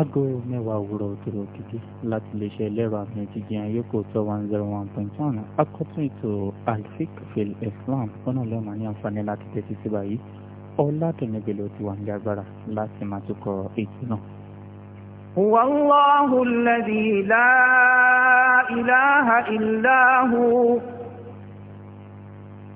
aago mẹ́wàá òwúrọ̀ òtòrò òkìkí láti lè ṣe ẹlẹ́rọ àmì ìjìjì ayé kò tọ́ one zero one point one akọ́tún ètò alfik fil islam fúnà lọ́mọ ní àǹfààní láti tẹ́tí sí báyìí ọ̀làdùnúgbèlò ti wà ní agbára láti máa tukọ̀ ètò náà. wàlláhu alladhi la ilaha illa hu.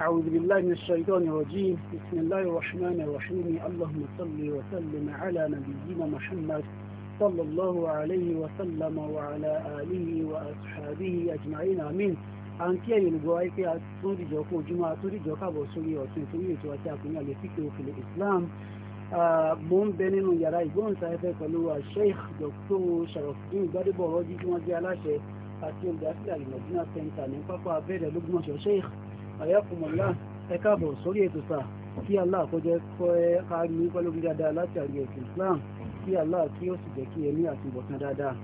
أعوذ بالله من الشيطان الرجيم بسم الله الرحمن الرحيم اللهم صل وسلم على نبينا محمد صلى الله عليه وسلم وعلى آله وأصحابه أجمعين آمين à ń kí ẹ̀yin olùgbọ́ wáyé pé a tún dìjọ kó ojúmọ́ a tún dìjọ káàbọ̀ sórí ọ̀tún ìtòrí ètò àti àpòyìn àlè fíkì òfin Islam mo ń bẹ nínú yàrá ìgbóhùnsáfẹ́fẹ́ pẹ̀lú Sheikh Dr. Sharafdin Gbadebo Rọ́jí tí wọ́n jẹ́ aláṣẹ àti olùdásílẹ̀ Al-Madina Center ní pápá abẹ́rẹ́ lógúnmọ̀ṣọ́ Sheikh àyàkùnmọ̀lá ẹ káàbọ̀ sórí ètò sà kí Allah àkójẹ kọ́ ẹ kárí ní pẹ́lú dáadáa láti àrí ẹ̀sìn Islam kí Allah kí ó sì jẹ́ kí ẹ ní àtúbọ̀tán dáadáa.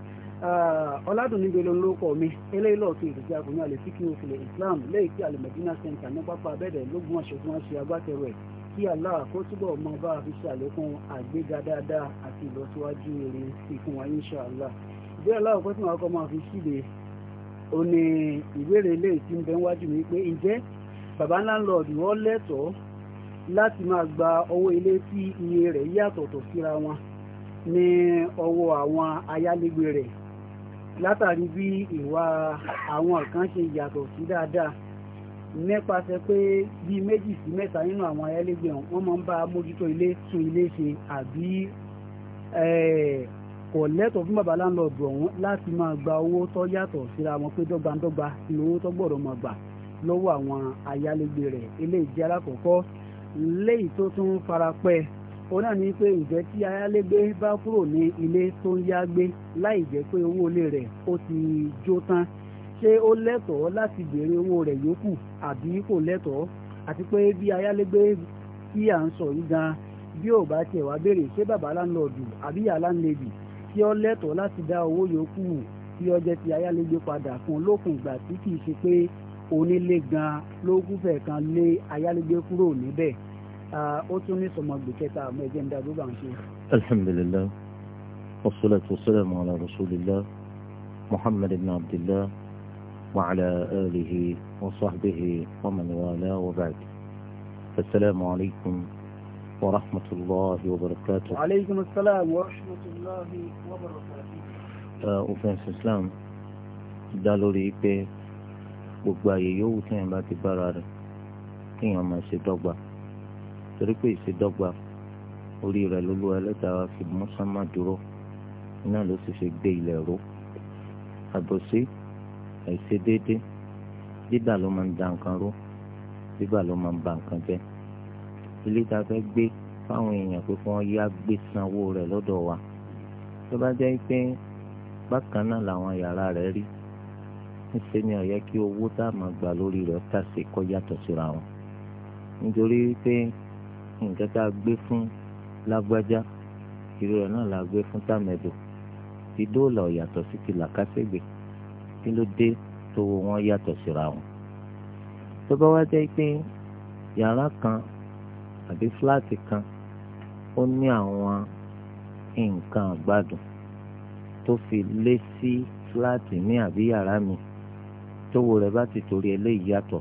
ọ̀làdùn níbi ló ń lókọ̀ mi eléyìí lọ́ọ̀tún ìrètí akọni àlè fíkì òfìlẹ̀ Islam lẹ́yìn tí alimẹ̀dínà sẹ́ńtà ní pápá abẹ́rẹ́ lógún àṣẹkùn àṣẹ agbátẹrù ẹ̀ kí Allah kó túbọ̀ mọ bá a fi ṣàlékún àgbéga dáadáa àti ìlọsíwájú eré sí fún wa insha Allah ìbéèrè aláwọ̀kọ́ tí wọn máa fi ṣíde ó ní ìbéèrè eléyìí ń bẹ mi pé ǹjẹ́ bàbá láńlọ́ọ̀dù wọn lẹ́tọ̀ọ́ láti máa gba owó ilé tí iye rẹ̀ yàtọ̀tọ̀ síra wọn ní ọwọ́ àwọn ayálégbé rẹ̀ látàrí bí ìwà àwọn kan ṣe yàtọ̀ sí dáadáa nípasẹ̀ pé bí méjì sí mẹ́ta nínú àwọn ayálégbé wọn máa ń bá mójútó ilé tún ilé ṣe àbí kò lẹ́tọ̀ọ́ fún bàbá láńlọ́ọ̀dù ọ̀hún láti máa gba owó tó yàtọ̀ síra wọn pé dọ́gbandọ́gba ni owó tó gbọ́dọ̀ máa gbà lọ́wọ́ àwọn ayálégbé rẹ̀ eléyìí jẹ́ alákọ̀ọ́kọ́ léyìí tó tún farapẹ́ òun náà ní pé ǹjẹ́ tí ayálégbé bá kúrò ní ilé tó ń yá gbé láì jẹ́ pé owó ilé rẹ̀ ó ti jó tán ṣé ó lẹ́tọ̀ọ́ láti béèrè owó rẹ̀ yòókù àbí kò lẹ́tọ̀ọ́ àti pé bí ayálégbé tí à ń sọ yìí gan bí ò bá tiẹ̀ wá béèrè ṣé bàbá láńlọ́ọ̀dù àbí ìyá láńlẹ́dì tí ó lẹ́tọ̀ọ́ láti dá owó yòókù tí ó jẹ́ ti ayálégbé padà fún lókun ìgbà tí kì í ṣe pé onílé gan ló kúfẹ̀ kan lé ayálégbé kúrò níbẹ̀ ó tún ní sọmọgbè kẹta àmọ́ ẹ̀jẹ̀ ń da gbogbo àwọn ṣe. alhamdulilayi wasalaatu wasalaamu ala rasulillah muhammad ibn abdillah wa ala alihi wa sahbihi wa man wala wa ba'd asalaamu alaykum. ورحمة الله وبركاته عليكم السلام ورحمة الله وبركاته òfin islam dá lórí pé gbogbo àyè yòówù téèyàn bá ti bára rẹ̀ kéèyàn máa ṣe dọ́gba torí pé ìṣèdọ́gba orí rẹ̀ ló lọ́wọ́ ẹlẹ́tàá fi mú sánmà dúró iná ló sì fi gbé ilẹ̀ ró àbòsí àìṣedéédé bíbà ló máa ń da nǹkan ró bíbà ló máa ń ba nǹkan jẹ́ ilé tá fẹ́ gbé fáwọn èèyàn pé fún wọn yá gbé sanwó rẹ̀ lọ́dọ̀ wa tó bá jẹ́ pé bákan náà làwọn yàrá rẹ̀ rí ṣe ni ó yẹ kí owó tá a máa gbà lórí rẹ̀ tàṣe kó yàtọ̀ síra wọn nítorí pé nǹkan tá a gbé fún lágbájá irú rẹ̀ náà la gbé fún tàmẹ̀dò ti dóòlà ó yàtọ̀ sí ti làkàṣègbè kí ló dé tó wọn yàtọ̀ síra wọn tó bá wá jẹ́ pé yàrá kan àbí fúláàtì kan ó ní àwọn nǹkan àgbàdùn tó fi lé sí fúláàtì ní àbí yàrá mi tówó rẹ̀ bá ti torí eléyìí yàtọ̀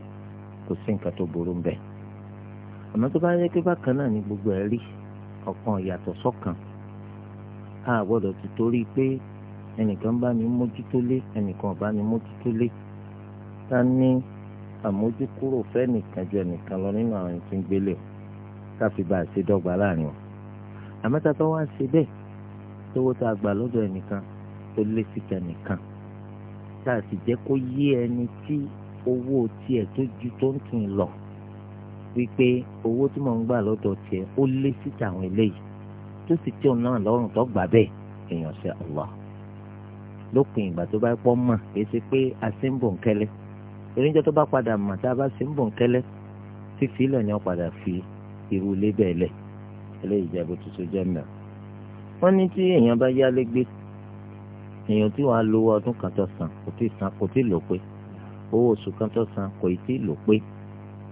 kò sí nǹkan tó burú ń bẹ̀. àmọ́ tó bá yẹ pé bákan náà ni gbogbo ẹ̀ rí ọ̀kan ìyàtọ̀ sọ́kan a gbọ́dọ̀ ti torí pé ẹnìkan bá mi mójútó lé ẹnìkan bá mi mójútó lé ta ní àmójúkúrò fẹ́nìkan ju ẹnìkan lọ nínú àwọn ẹni tó ń gbélé o ká fi bá a ṣe dọ́gba láàrin wọn. àmọ́ tá a bá wá ṣe bẹ́ẹ̀ tówó tá a gbà lọ́dọ̀ ẹnìkan tó lé sí tẹnìkan tá a sì jẹ́ kó yé ẹni tí owó tiẹ̀ tó ju tó ń tún lọ wípé owó tí mò ń gbà lọ́dọ̀ tiẹ̀ ó lé síta àwọn eléyìí tó sì tí òun náà lọ́rùn tó gbà bẹ́ẹ̀ èèyàn ṣe Allah lópin ìgbà tó bá pọ́ mọ̀ kì í ṣe pé a ṣe ń bò ń kẹ́lẹ́ oníjọ́ tó bá padà mọ̀ tá a bá ṣe ń bò ń kẹ́lẹ́ fífi ilẹ̀ ni wọ́n padà fi irú ilé bẹ́ẹ̀ lẹ̀ eléyìí jẹ́ bó tuntun jẹ́ mẹ́rin wọ́n ní tí èèyàn bá yálé gbé èèyàn tí wàá lówó ọdún kan tó san kò tí san kò tí lò pé owó oṣù kan tó san kò tí lò pé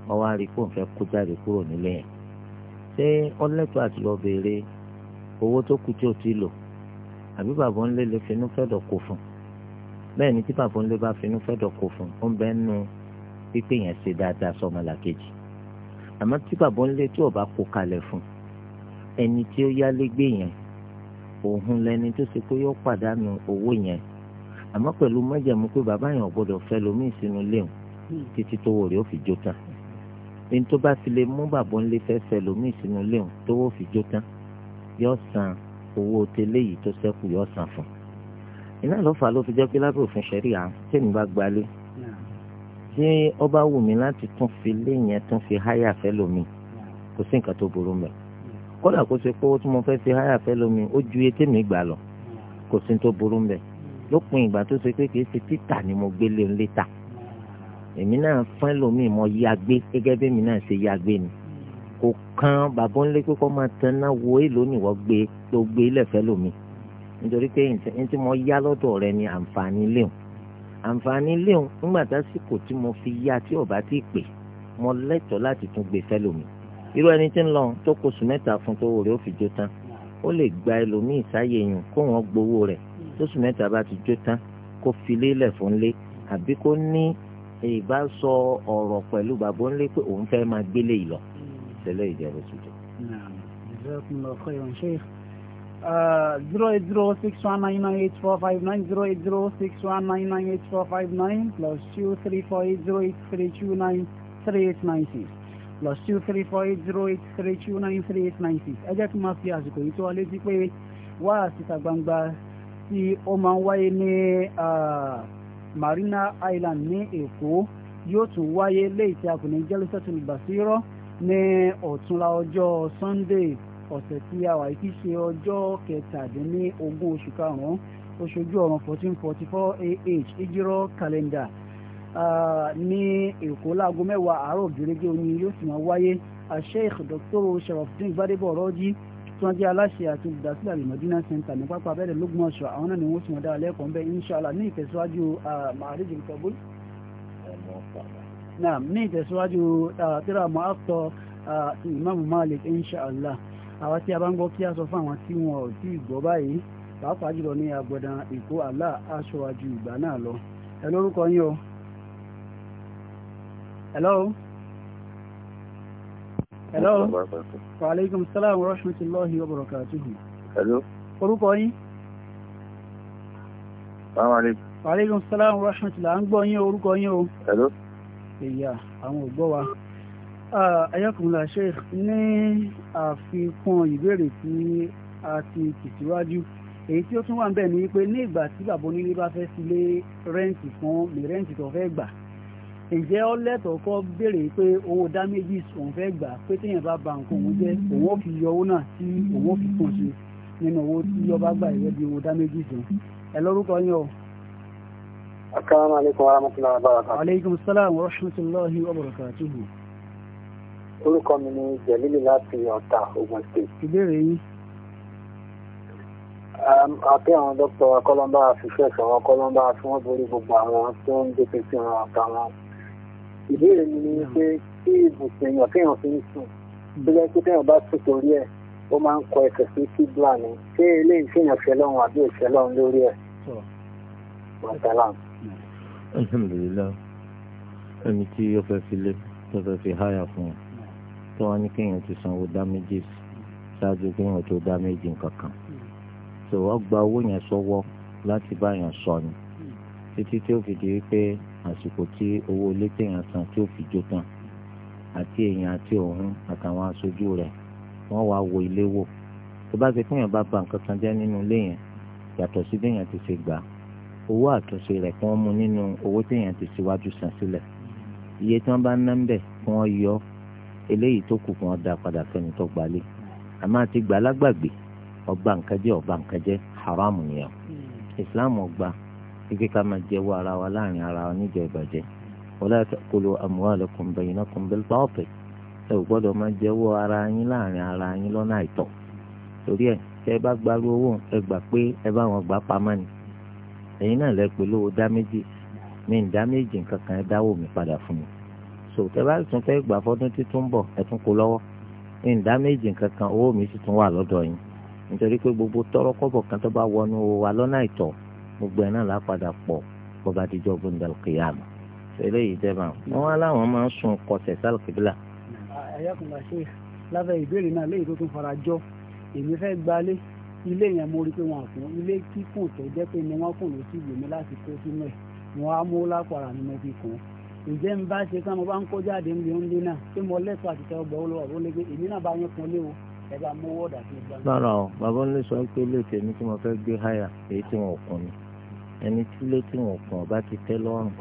wọ́n wá rí i pé òun fẹ́ kó jáde kúrò nílé yẹn ṣé ọlẹ́tọ̀ àti lọ béèrè owó tó kù tí ò tí lò àbí bàbá ńlé lè finú fẹ́dọ̀ kó fún bẹ́ẹ̀ ni tí bàbá ńlé bá finú fẹ́dọ̀ kó fún ó ń bẹ́ẹ̀ nu pípé yẹn ṣe dáadáa sọmọlàkejì àmọ́ tí bàbá ńlé tí ò bá kó kalẹ̀ fún ẹni tí ó yálégbé yẹn òun lẹni tó ṣe pé yóò pàdánù owó yẹn àmọ́ pẹ̀lú májẹ̀mú pé bàbá yẹn ò gbọ́dọ̀ fẹ́ lomi ìsinú léwu títí tó wò rí ó fi jó tán ní tó bá ti lè mú bàbá ńlẹ fẹ́ fẹ́ lomi ìsinú léwu tó wò fi jó tán yóò san owó tẹ́lẹ̀ yìí tó ṣẹ́kù yóò san fún un iná ló fà ló fi jẹ́ pé lábẹ́ òfin ṣẹ̀ríà tèmi bá gbalé tí ó bá wù mí láti tún fi lé yẹn tún fi háyà fẹ́ lomi kò sí nǹkan tó burú mẹ́rin kódà kó ṣe pé owó tí mo fẹ́ fi háyà fẹ́ lómi ó ju etí mi gbà lọ kò sí tó burú mbẹ lópin ìgbà tó ṣe pé kì í ṣe títà ni mo gbélé ń létà èmi náà fẹ́ lómi mo yá gbé gẹ́gẹ́ bí èmi náà ṣe yá gbé ni kò kan bàbá ńlẹ́ pé kó máa tan náà wo èlò nìwọ́ gbé tó gbé lẹ́fẹ́ lómi nítorí pé ní tí mo yá lọ́dọ̀ rẹ ni àǹfààní léwu àǹfààní léwu ńgbà tásìkò tí mo fi yá tí ò bá ti pè mo lẹ́tọ̀ọ́ láti tún gbé fẹ́ lómi irú ẹni tí ń lọ tó kó oṣù mẹ́ta fún tó wò rẹ̀ ó fi jó tán ó lè gba ẹlòmíì sáyé yùn kó wọn gbowó rẹ̀ tóṣù mẹ́ta bá ti jó tán kó fi lélẹ̀ fún lé àbí kó ní ìbá sọ ọ̀rọ̀ pẹ̀lú bàbá ńlé pé òun fẹ́ máa gbélé ìlọ ìṣẹ̀lẹ̀ ìjẹ̀bù tuntun. Uh, zero zero six one nine nine eight four five nine zero eight zero six one nine nine eight four five nine plus two three four eight zero eight three two nine three eight nine six plus two three four eight zero eight three two nine three eight nine six ẹ jẹ́ kí n máa fi àsìkò yìí tó wa létí pé wá síta gbangba tí ó máa ń wáyé ní Marina Island ní Èkó yóò tún wáyé léyìí tí a kò ní Jalsatul Basira ní ọ̀túnla ọjọ́ Sunday ọ̀sẹ̀ tí a wà yìí kí ṣe ọjọ́ kẹtàdínlógún oṣù karùn-ún oṣù ojú ọ̀run fourteen forty four AH ìjírọ̀ kàlẹ́ndà ní èkó láago mẹ́wàá àárọ̀ gẹ́gẹ́ oní yóò sì máa wáyé Sheikh Dr. Sharafdin Gbadebo Rọ́jí tí wọ́n jẹ́ aláṣẹ àti olùdásílẹ̀ alimọ̀dínà center ní pápá abẹ́rẹ́ lógúnmọ̀ṣọ́ àwọn náà ni wọ́n sì mọ̀ dára lẹ́kọ̀ọ́ bẹ́ẹ̀ inshàlá ní ìtẹ̀síwájú maharij kabul naam ní ìtẹ̀síwájú tíra mọ́àtọ̀ ti imam malik inshàlá àwa tí a bá ń gbọ́ kí a sọ fún àwọn tí wọn ò tí ì gbọ́ báyìí pàápàá jùlọ ní agbọ̀dàn èkó àlà aṣọ àjù ìgbà náà lọ ẹ lórúkọ yín o hello hello wa alaykum salam wa rahmatullahi wa barakatuh. hello orúkọ yín wa alaykum salam wa rahmatullahi wa barakatuh. yín orúkọ yín o hello ìyá àwọn ògbọ́ wa ayọ́kùnlá sheikh ní àfikún ìbéèrè tí a ti tìsíwájú èyí tí ó tún wà ń bẹ̀ ni pé ní ìgbà tí bàbá onílé bá fẹ́ sílé rẹ́ǹtì fún mi rẹ́ǹtì tó fẹ́ gbà ǹjẹ́ ọ lẹ́tọ̀ọ́ kọ́ béèrè pé owó damages òun fẹ́ gbà pé téèyàn bá ba nǹkan òun jẹ́ òun ò fi yọ owó náà tí òun ò fi kàn ṣe nínú owó tí ọba gbà ìwé bí owó damages òun. ẹ lórúkọ yín o. asalaamualeykum wa rahmatulahi wa barakatuhu. aleykum salaam wa rahmatulahi wa barakatuhu. orúkọ mi ni jẹ̀lílì láti ọ̀tà Ògùn state. ìbéèrè yín. Um, àti àwọn dókítà akọ́lọ́mbà àfiṣẹ́ ìṣọ̀rọ̀ akọ́lọ́mbà tí wọ́n borí gbogbo àwọn tó ń dé pèsè àwọn àtàwọn ìbéèrè mi ni pé kí ibùsùn èèyàn kéèyàn fi ń sùn tó jẹ́ pé kéèyàn bá sùn torí ẹ̀ ó máa ń kọ ẹsẹ̀ sí kíbla ni ṣé eléyìí kéèyàn fẹ́ lọ́run àbí òṣèlú ọ̀hún lórí ẹ̀. alhamdulilayi ẹni tí yóò fẹ́ fi lé tó fẹ́ fi háyà fún un tó wá ní kéèyàn ti sanwó dá méjì ṣáájú kéèyàn tó dá méjì kankan tó wọ́n gba owó yẹn sọ́wọ́ láti báyàn sọ ni. So, títí tí ó fi di wípé àsìkò tí owó ilé téèyàn san tí ó fi jó tán àti èèyàn àti òun àtàwọn aṣojú rẹ̀ wọ́n wá wo ilé wò tó bá ṣe fún yàn bá ba nǹkan kan jẹ́ nínú ilé yẹn yàtọ̀ sí bí èèyàn ti ṣe gbà owó àtúnṣe rẹ̀ kí wọ́n mú nínú owó téèyàn ti ṣíwájú san sílẹ̀ iye tí wọ́n bá ná ń bẹ̀ kí wọ́n yọ eléyìí tó kù kí wọ́n dá padà fẹ́ni tó gbalé àmọ́ àti gbàlágbàgbé ọba nǹkan jẹ́ ọba nǹkan jẹ́ haram nìyẹn hmm. Islam ọgbà kíkẹ́ ká máa jẹ́wọ́ ara wa láàrin ara wa níjẹ́ ìbàjẹ́ wala ta'kulu amwalakum bainakum bil batil ẹ ò gbọ́dọ̀ máa jẹ́wọ́ ara yín láàrin ara yín lọ́nà àìtọ́ torí ẹ̀ tẹ́ ẹ bá gbarú owó ẹ gbà pé ẹ bá wọn gbà pamọ́ ni ẹ̀yin náà lẹ pé lówó dá méjì mi dá méjì nǹkan kan ẹ dáwó mi padà fún mi so tẹ́ bá tún fẹ́ gbà fọ́dún títún bọ̀ ẹ tún kó lọ́wọ́ mi dá méjì nǹkan kan owó mi sì tún wà lọ́dọ̀ yín nítorí pé gbogbo tọ́rọ́kọ́bọ̀ kan tó bá wọnú wa lọ́nà àìtọ́ gbogbo ẹ̀ náà lápadà pọ̀ bọ́ba àtijọ́ gbọ́ndà kìyàmù ṣẹlẹ̀ yìí jẹ́ báwọn. wọ́n wá láwọn máa ń sun kọsẹ̀ sálùkìbílà. àyàkùnlá ṣe lábẹ́ ìbéèrè náà léyìí tó tún fara jọ èmi fẹ́ gbalé ilé yẹn mo rí pé wọn fún ilé kíkùn tó jẹ́ pé ni wọ́n kùn ló sì gbèmí láti kó sínú ẹ̀ wọn á mú lápara ni mo fi kùn ǹjẹ́ ń bá ṣe káwọn bá ń kó jáde ń lé ń lé náà pé mo lẹ́tọ̀ọ́ àti tẹ́wọ́ gbọ́ lọ́wọ́ ó lé pé èmi náà bá yẹn kun lé o ẹ bá mú owó ọ̀dà tó gbà. lọ́rọ̀ bàbá ń lè sọ pé ilé tèmi tí mo fẹ́ gbé háyà èyí tí wọn ò kún mi ẹni tí ló ti wọn kàn bá ti tẹ́ lọ́rùn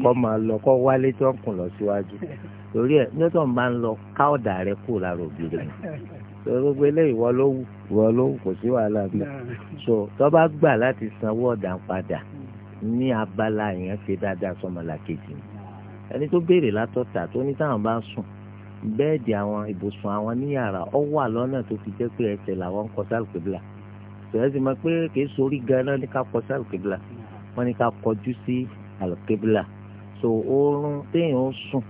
kọ́ máa lọ kọ́ wálé tí wọ́n kùn lọ síwájú torí ẹ̀ nígbà tó bá ń lọ ká rẹ kù lára òbí rẹ̀ so gbogbo eléyìí wọ́n ló wù wọ́n ló wù kò sí wàhálà mi so tó bá gbà láti sanwó ọ̀dà padà ní abala yẹn ṣe dáadáa sọmọlàkejì ni ẹni tó béèrè látọ̀tà tó ní táwọn bá ń sùn bẹ́ẹ̀dì àwọn ibùsùn àwọn níyàrá ọ wà lọ́nà tó fi jẹ́ pé ẹsẹ̀ làwọn ń kọ sálùkébìlà tòyẹ́ sì máa pé kìí sórí ganan ní ká kọ sí àlùkébìlà wọ́n ká kọjú sí àlùkébìlà so oorun téèyàn ó sùn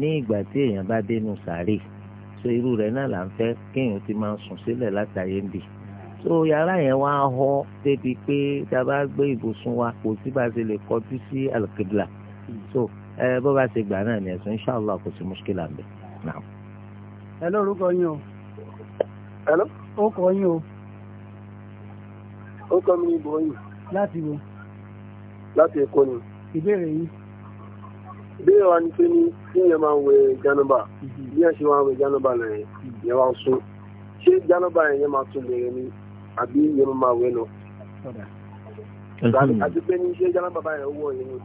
ní ìgbà tí èèyàn bá dénú sàárè so irú rẹ̀ náà là ń fẹ́ kéèyàn ti máa sùn sílẹ̀ látàyè ń bì so yàrá yẹn wá họ débi pé tá a bá gbé ibùsùn wa kò sí bá a ṣe lè kọjú sí àlùkébìlà so ẹ bó bá ṣe gbà náà ni ẹ̀sùn inṣàlá kò sí mùṣkílà ń bẹ̀ náà. ẹ lórúkọ yín o. ẹ ló. yín o ó kọ́ mi ní Ibrahim. láti wo. láti Èkó ni. ìbéèrè yìí. ìbéèrè wa ni pé ní kí yẹn máa wẹ jánúbà mhm. bí yẹn ṣe máa wẹ jánúbà lẹ́yìn yẹn wá sún ṣé jánúbà yẹn máa tún lè ní àbí yẹn máa wẹ lọ. àti pé ní ṣé jánúbà báyẹn wọ̀ yẹn ni.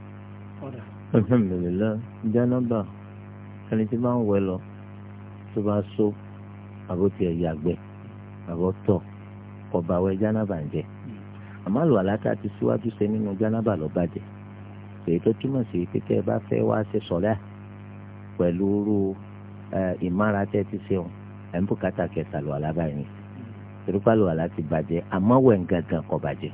alhamdulilayi jánúbà ẹni tí bá ń wẹ lọ tó bá so àbótiẹ̀ yàgbẹ́ àbọ̀tọ̀ ọ̀bàwẹ̀ jánúbà jẹ́ àmọ́ àlọ́ àlátà ti síwájú ṣe nínú jánábà ló bàjẹ́ èyí tó túmọ̀ sí pé tẹ́ ẹ bá fẹ́ wá ṣe sọ̀lá pẹ̀lú irú ìmára tẹ́ ti ṣe òun ẹ̀ ń bùkátà kẹta lọ́ àlá báyìí torípa lọ́ àlá bàjẹ́ àmọ́ wẹ̀ ń gangan kò bàjẹ́.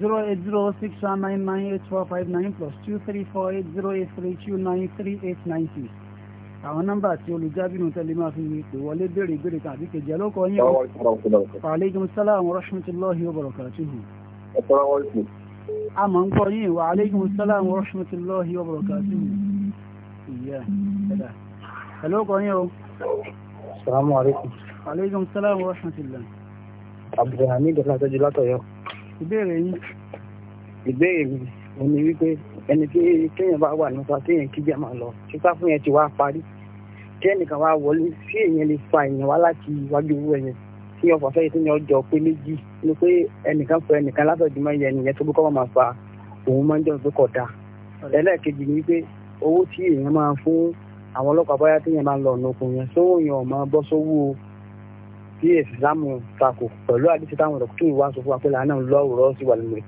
zero eight zero six one nine nine eight four five nine plus two three four eight zero eight three two nine three eight nine six. Hmm. àwọn nọ́mbà tí olùjábìnú tẹ́lẹ̀ máa fi pè wọlé béèrè ìbéèrè tàbí kejì ẹlọ́kọ̀ yín o. aleykum salaam wa rahmatulahi wa barakatuhu. a mọ̀ ń gbọ́ yín wa aleykum salaam wa rahmatulahi yín o. salaamu aleykum. aleykum salaam wa abdulhamid ọ̀làjọ́jú látọ̀yọ́. ìbéèrè yín. ìbéèrè mi òní wípé ẹni tí kéèyàn bá wà nípa kéèyàn kíjà máa lọ títà fún yẹn ti wá parí kí ẹnìkan wá wọlé sí èèyàn lè fa èèyàn wá láti iwájú owó ẹ̀yẹn tí ọkọ̀ fẹ́ tó ní ọjọ́ pé méjì ni pé ẹnìkan fọ ẹnìkan látọ̀júmọ́ yẹn nìyẹn tó kọ́ máa fa òun máa ń jẹun pé kọ̀ ẹlẹ́ẹ̀kejì ni wípé owó tí èèyàn máa fún àwọn ọlọ́pàá báyá téèyàn máa ń lọ ọ̀nà okùn yẹn sówó yẹn ọ̀ máa bọ́ sówó bí takò pẹ̀lú àdìsí táwọn ọ̀dọ́kùnrin wá sọ fún wa pé làánà ń lọ òrọ́ sí wà lórí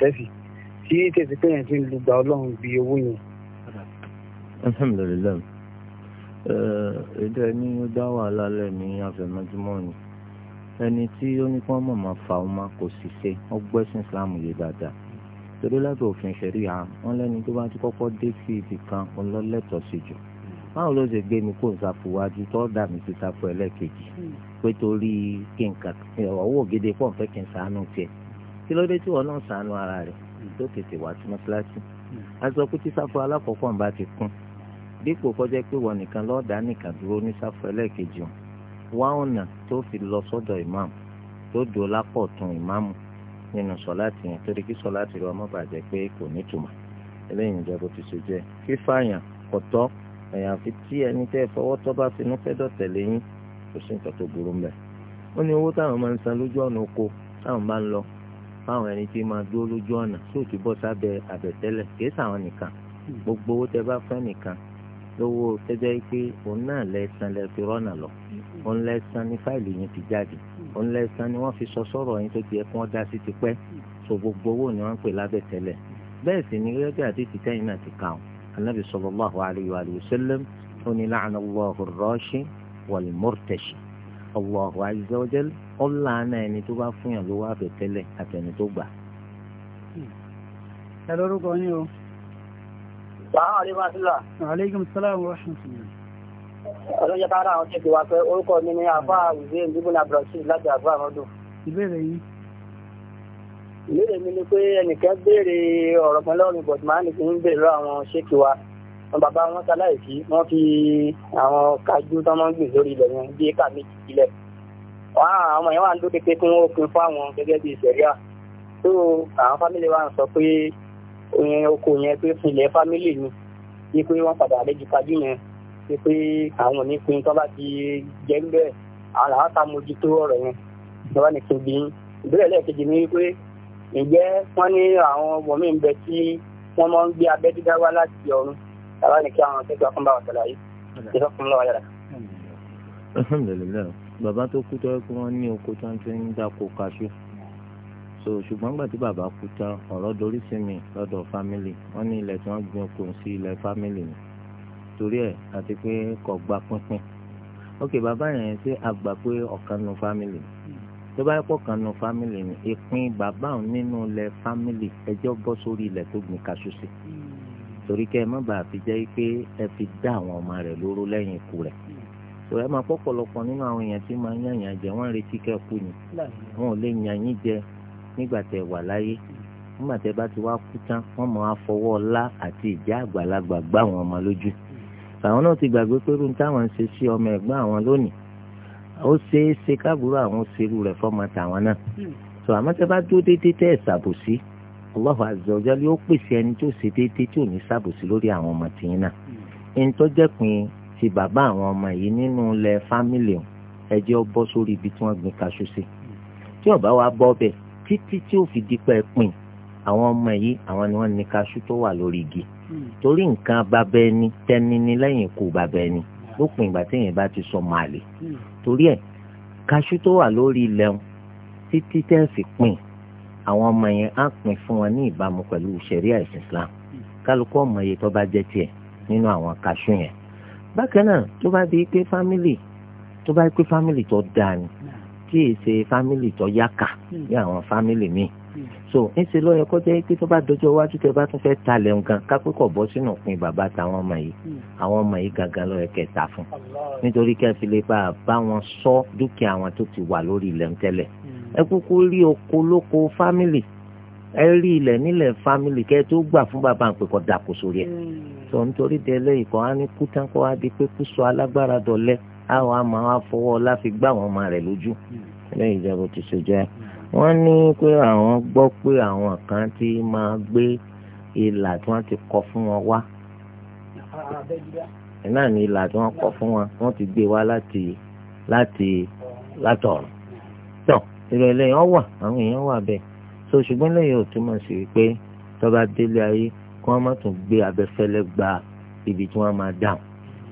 tí kèsì pé yẹn ti ń lùgbà ọlọ́run bí owó yẹn. alhamdulilayi èdè ẹni ó dá wàhálà lẹ́nu àfẹ̀mọ́júmọ́ ni ẹni tí ó ní kí wọ́n mọ̀ máa fa ọmọ kò sì ṣe ọgbẹ́sìn islam yìí dáadáa torí lábẹ́ òfin ṣẹ̀ríà wọn lẹ́ni tó bá ti kọ́kọ́ dé sí ibì kan ọlọ́lẹ́tọ̀ọ́ sí jù báwo ló ṣe gbé mi kó n ṣàfùwájú tó dà mí sí ṣàfù ẹlẹ́ẹ̀kejì pé torí kí n kà ọwọ́ ògidè pọ̀ fẹ́ kí n ṣàánú tiẹ̀ kí ló dé tí wọn náà ṣàánú ara rẹ̀ tó tètè wá sí mọ́ṣáláṣí hmm. a sọ pé tí sáfù alákọ̀ọ́kọ́ ń bá ti kún dípò kọjá pé wọn nìkan lọ́ọ̀dá nìkan dúró ní sáfù ẹlẹ́ẹ̀kejì wá ọ̀nà tó fi lọ sọ́dọ̀ ìmáàmù tó dùn lápọ̀ tún ìmáàmù nínú sọláàtì yẹn torí kí sọláàtì rẹ ọmọ bàjẹ́ pé kò ní tùmọ̀ eléyìí ìjọba bó ti ṣe jẹ́ fífàyàn kọ̀tọ́ àyàfi tí ẹni tẹ́ fọwọ́ tọ́ bá finú fẹ́ dọ̀tẹ̀ lẹ́yìn kò sí nǹkan tó burú mẹ́ ó ní owó táwọn máa ń san lójú ọ̀nà oko táwọn máa ń lọ fáwọn ẹni tí máa dúró lójú ọ̀nà tí ò ti bọ́ sábẹ́ àbẹ̀tẹ́lẹ̀ kìí sàwọn nìkan hmm. gbogbo owó tẹ bá fẹ́ nìkan lówó tẹ́jọ́ yìí pé òun náà lẹ́sàn lẹ́ fi rọ́nà lọ hmm. òun lẹ́sàn ní fáìlì yẹn ti jáde hmm. òun lẹ́sàn ni wọ́n fi sọ sọ́rọ̀ yẹn tó ti yẹ kí dá sí ti pẹ́ so gbogbo owó ni wọ́n ń pè lábẹ́tẹ́lẹ̀ bẹ́ẹ̀ sì ni gẹ́gẹ́ àti tìtẹ́yìn náà ti kà ó anábì sallallahu alayhi wa ó ní la'anallahu ar-rashi wal-murtashi Allahu azza wa jal ọ̀la náà ẹni tó bá fún yàn ló wá fẹ́ tẹ́lẹ̀ àtẹni tó gbà. ẹ lórúkọ yín o. sàmà aleykum asila. aleykum salaam wa rahmatulah. ọlọ́jọ́ ká ara àwọn tí kì wá pé orúkọ mi ni àbá ìwé ìdíbò náà brazil láti àbúrò àwọn ọdún. ìbéèrè yìí. ìbéèrè mi ni pé ẹnìkan béèrè ọ̀rọ̀ kan bọ̀dùmáà ní kí béèrè àwọn ṣéèkì wa bàbá wọn ṣaláìsí wọ́n fi àwọn kájú tó máa ń gbìn lórí ilẹ̀ yẹn bí éka méjì sílẹ̀ àwọn ọmọ yẹn wà ń dó kété kí wọ́n pin fún àwọn gẹ́gẹ́ bíi sẹ̀ríà tó àwọn fámìlì wa ń sọ pé oyin oko yẹn pé filẹ̀ fámìlì ni ní pé wọ́n padà àlejò kájú yẹn ní pé àwọn òní pin tó bá ti jẹ́ ń bẹ́ẹ̀ àwọn làwọn ta mójútó ọ̀rọ̀ yẹn lọ́wọ́ ní kí n bí ìbílẹ̀ lẹ́ẹ̀kejì ni wípé ǹjẹ́ wọ́n ní àwọn ọmọ mi ń bẹ tí wọ́n máa ń gbé abẹ́ láti ọ̀run àwa ni kí àwọn akẹ́kọ̀ọ́ kan bá wà sọ̀rọ̀ yìí ìfọ̀kùn lọ́wọ́ yàrá. alhamdulilayi bàbá tó kú tọ́ kí wọ́n ní oko tó ń ti ń dáko kaṣú so ṣùgbọ́n gbàtí bàbá kú tán ọ̀rọ̀ dorí sí mi lọ́dọ̀ fámìlì wọ́n ní ilẹ̀ tí wọ́n gbin oko sí ilẹ̀ fámìlì ni torí ẹ̀ àti pé kò gba pínpín ok bàbá yẹn ṣe àgbà pé ọ̀kan nu fámìlì tó bá yẹ kó kan nu family ni ìpín bàbá òun nínú ilẹ̀ family ẹjọ́ bọ́ sórí ilẹ̀ tó gbin kaṣú sí. Mm torí kẹ́ ẹ má bàa fi jẹ́ pé ẹ fi dá àwọn ọmọ rẹ̀ lóró lẹ́yìn ikú rẹ̀ tó ẹ máa pọ̀pọ̀lọpọ̀ nínú àwọn èèyàn tí máa ń yànyàn jẹ wọ́n ń retí kẹ́ kú ni wọn ò lè yànyín jẹ nígbà tẹ wà láyé nígbà tẹ bá ti wá kú tán wọ́n máa fọwọ́ ọlá àti ìjà àgbàlagbà gbá àwọn ọmọ lójú àwọn náà ti gbàgbé pé irú táwọn ń ṣe sí ọmọ ẹ̀gbọ́n àwọn lónìí ó ṣeé ṣe káàbùrú àwọn ṣerú rẹ̀ fọ́mọ tàwọn náà tó àmọ́ tẹ bá dúró déédéé tẹ́ ẹ̀ ṣàbòsí Allah azza wa jalla yóò pèsè ẹni tó ṣe déédéé tí ò ní ṣàbòsí lórí àwọn ọmọ tìyín náà hmm. ẹni tó jẹ́pin ti bàbá àwọn ọmọ yìí nínú ilẹ̀ fámìlì ẹjẹ́ ó bọ́ sórí ibi tí wọ́n gbin kaṣú sí tí ọba wa bọ́ bẹ̀ títí tí ó fi dípẹ́ pin àwọn ọmọ yìí àwọn ni wọ́n ní kaṣú tó wà lórí igi hmm. torí nǹkan bàbá ẹni tẹni ni lẹ́yìn ikú bàbá ẹni lópin ìgbà téèyàn bá ti sọ màálè hmm. torí ẹ̀ kaṣú tó wà lórí ilẹ̀ títí tẹ́ fi pin àwọn ọmọ yẹn á pín fún wọn ní ìbámu pẹ̀lú ṣẹ̀ríà ìsìn Islam kálukú ọmọ yẹn tó bá jẹ́ tiẹ̀ nínú àwọn kaṣú yẹn bákan náà tó bá di pé fámìlì tó bá di pé fámìlì tó dáa ni kí è ṣe fámìlì tó yáka ní àwọn fámìlì míì so ńṣe ló yẹ kó jẹ́ pé tó bá dọjọ́ iwájú tẹ bá tún fẹ́ talẹ̀ nǹkan kápẹ́ kọ̀ bọ́ sínú òpin bàbá tàwọn ọmọ yìí àwọn ọmọ yìí gangan ló kẹta fún nítorí kẹfì lè bá wọn sọ dúkìá wọn tó ti wà lórí ilẹ̀ ń tẹ́lẹ̀ ẹ kúkú rí oko lóko fámìlì ẹ rí ilẹ̀ nílẹ̀ fámìlì kẹ́ ẹ tó gbà fún bàbá àpè kọ́ dàkó sórí ẹ̀. Hmm. sọ nítorí délé ìkọ́ á ní kú tán kó á di pé kú sọ alágbára dọ̀lẹ́ àwọn àmọ́ á fọwọ́ ọlá fi gbá àwọn ọmọ rẹ̀ lójú. Hmm. lẹ́yìn ìjọba ti ṣe jẹ́ hmm. wọ́n ní pé àwọn gbọ́ pé àwọn kan ti máa gbé ìlà tí wọ́n ti kọ fún wọn wá náà ni ìlà tí wọ́n kọ fún wọn wọ́n ti gbé wá láti láti ìrọ̀lẹ́ yẹn wà àwọn èèyàn wà bẹ́ẹ̀ so ṣùgbọ́n lẹ́yìn ò túmọ̀ sí wípé tọ́ba délé ayé kí wọ́n má tún gbé abẹ́fẹ́lẹ́ gba ibi tí wọ́n máa dáhùn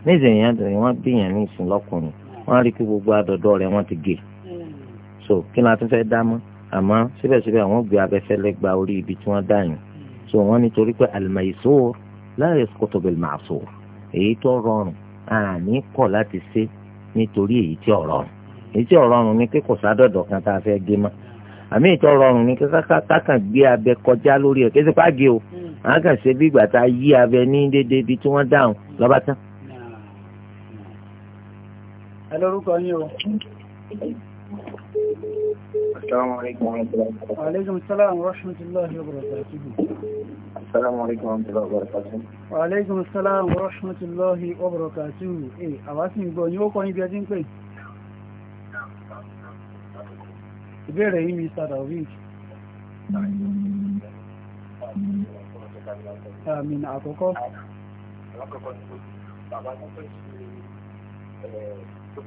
níṣẹ́ yẹn àtọ̀ yẹn wọ́n bíyàn ní ìsìn lọ́kùnrin wọ́n á rí kí gbogbo àdọ̀dọ̀ rẹ̀ wọ́n ti gé so kí la tún fẹ́ dá mọ́ àmọ́ síbẹ̀síbẹ̀ wọ́n gbé abẹ́fẹ́lẹ́ gba orí ibi tí wọ́n dá yẹn so wọ́n nítorí pé al-maysūr lā yasqutu bil-ma'sūr èyí tó rọrùn àní kọ̀ láti ṣe ètò ọ̀rọ̀rùn ni kíkò sádọ̀dọ̀ kan tá a fẹ́ gé mọ́ àmì ètò ọ̀rọ̀rùn ni kákàn gbé abẹ kọjá lórí ẹ̀ kéṣe pàgé o àwọn kan ṣe bí ìgbà tá a yí abẹ ní déédéé ibi tí wọ́n dáhùn lọ́ba tán. ẹ lórúkọ yín o. السلام عليكم ورحمة الله وبركاته. وعليكم السلام ورحمة الله وبركاته. السلام عليكم ورحمة الله وبركاته. وعليكم السلام ورحمة الله وبركاته. إيه أواسم بنيوكو يبيعين كويس. ìbéèrè yìí Mr. David. àmì àkọ́kọ́. alákọ̀ọ́kọ́ ni bàbá tó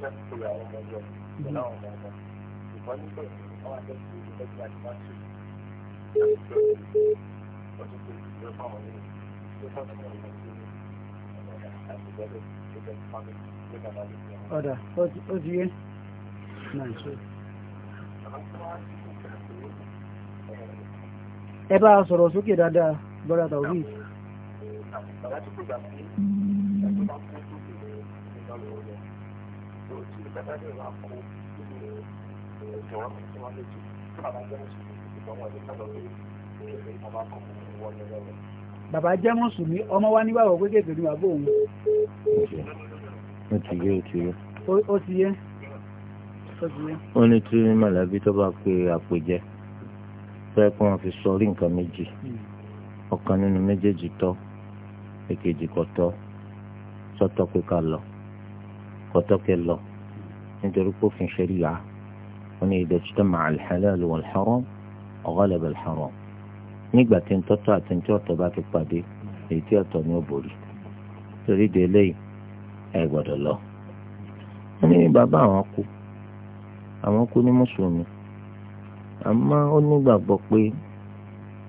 fẹ́ ṣe tó ẹ bá sọ̀rọ̀ sókè dáadáa brother tawhid bàbá jẹ́ mùsùlùmí ọmọ wa níwàwọ̀ pé kékeré wà bóun. ó ti yé ó ti yé. ó ti yé wọ́n ní tí mọ̀lẹ́bí tó bá pe àpèjẹ fẹ́ kí wọ́n fi sọrí nǹkan méjì ọ̀kan nínú méjèèjì tọ́ èkejì kò tọ́ sọ́tọ́ pé ká lọ kò tọ́ kẹ lọ nítorí pé òfin ṣẹ̀ríà wọ́n ní idajtama'a al-halal wal-haram ghalaba al-haram nígbà tí ń tọ́tọ́ àti tí ọ̀tọ̀ bá ti pàdé èyí tí ọ̀tọ̀ ni ó borí torí de eléyìí gbọ́dọ̀ lọ. wọ́n ní bàbá àwọn kú àwọn kú ní mùsùlùmí àmọ́ ó nígbàgbọ́ pé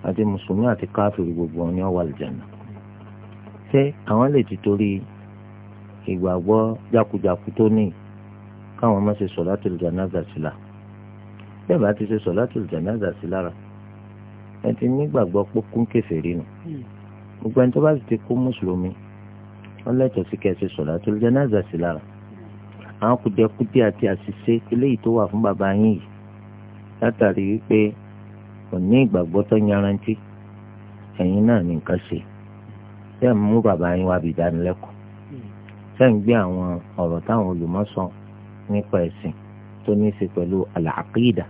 àti mùsùlùmí àti káfíìrì gbogbo wọn ni wọ́n wà lìjànà ṣé àwọn lè ti torí ìgbàgbọ́ jákujàku tó ní káwọn má ṣe sọ̀látùl jánásà sí la bẹ́ẹ̀ bá ti ṣe sọ̀látùl jánásà sí lára ẹ ti nígbàgbọ́ pé kún kèfèrí nù gbogbo ẹni tó bá sì ti kú mùsùlùmí wọ́n lẹ́tọ̀ọ́ sí kẹ́ ṣe sọ̀látùl jánásà sí lára àwọn kùdìẹ̀kùdìẹ̀ àti àṣìṣe eléyìí tó wà fún bàbá yín yìí látàrí wípé kò ní ìgbàgbọ́ tó yanrantí ẹ̀yin náà ní nǹkan ṣe ṣé ń mú bàbá yín wá bí ìdánilẹ́kọ̀ọ́ ṣé ń gbé àwọn ọ̀rọ̀ táwọn olùmọ̀sán nípa ẹ̀sìn tó ní í ṣe pẹ̀lú àlàákìdà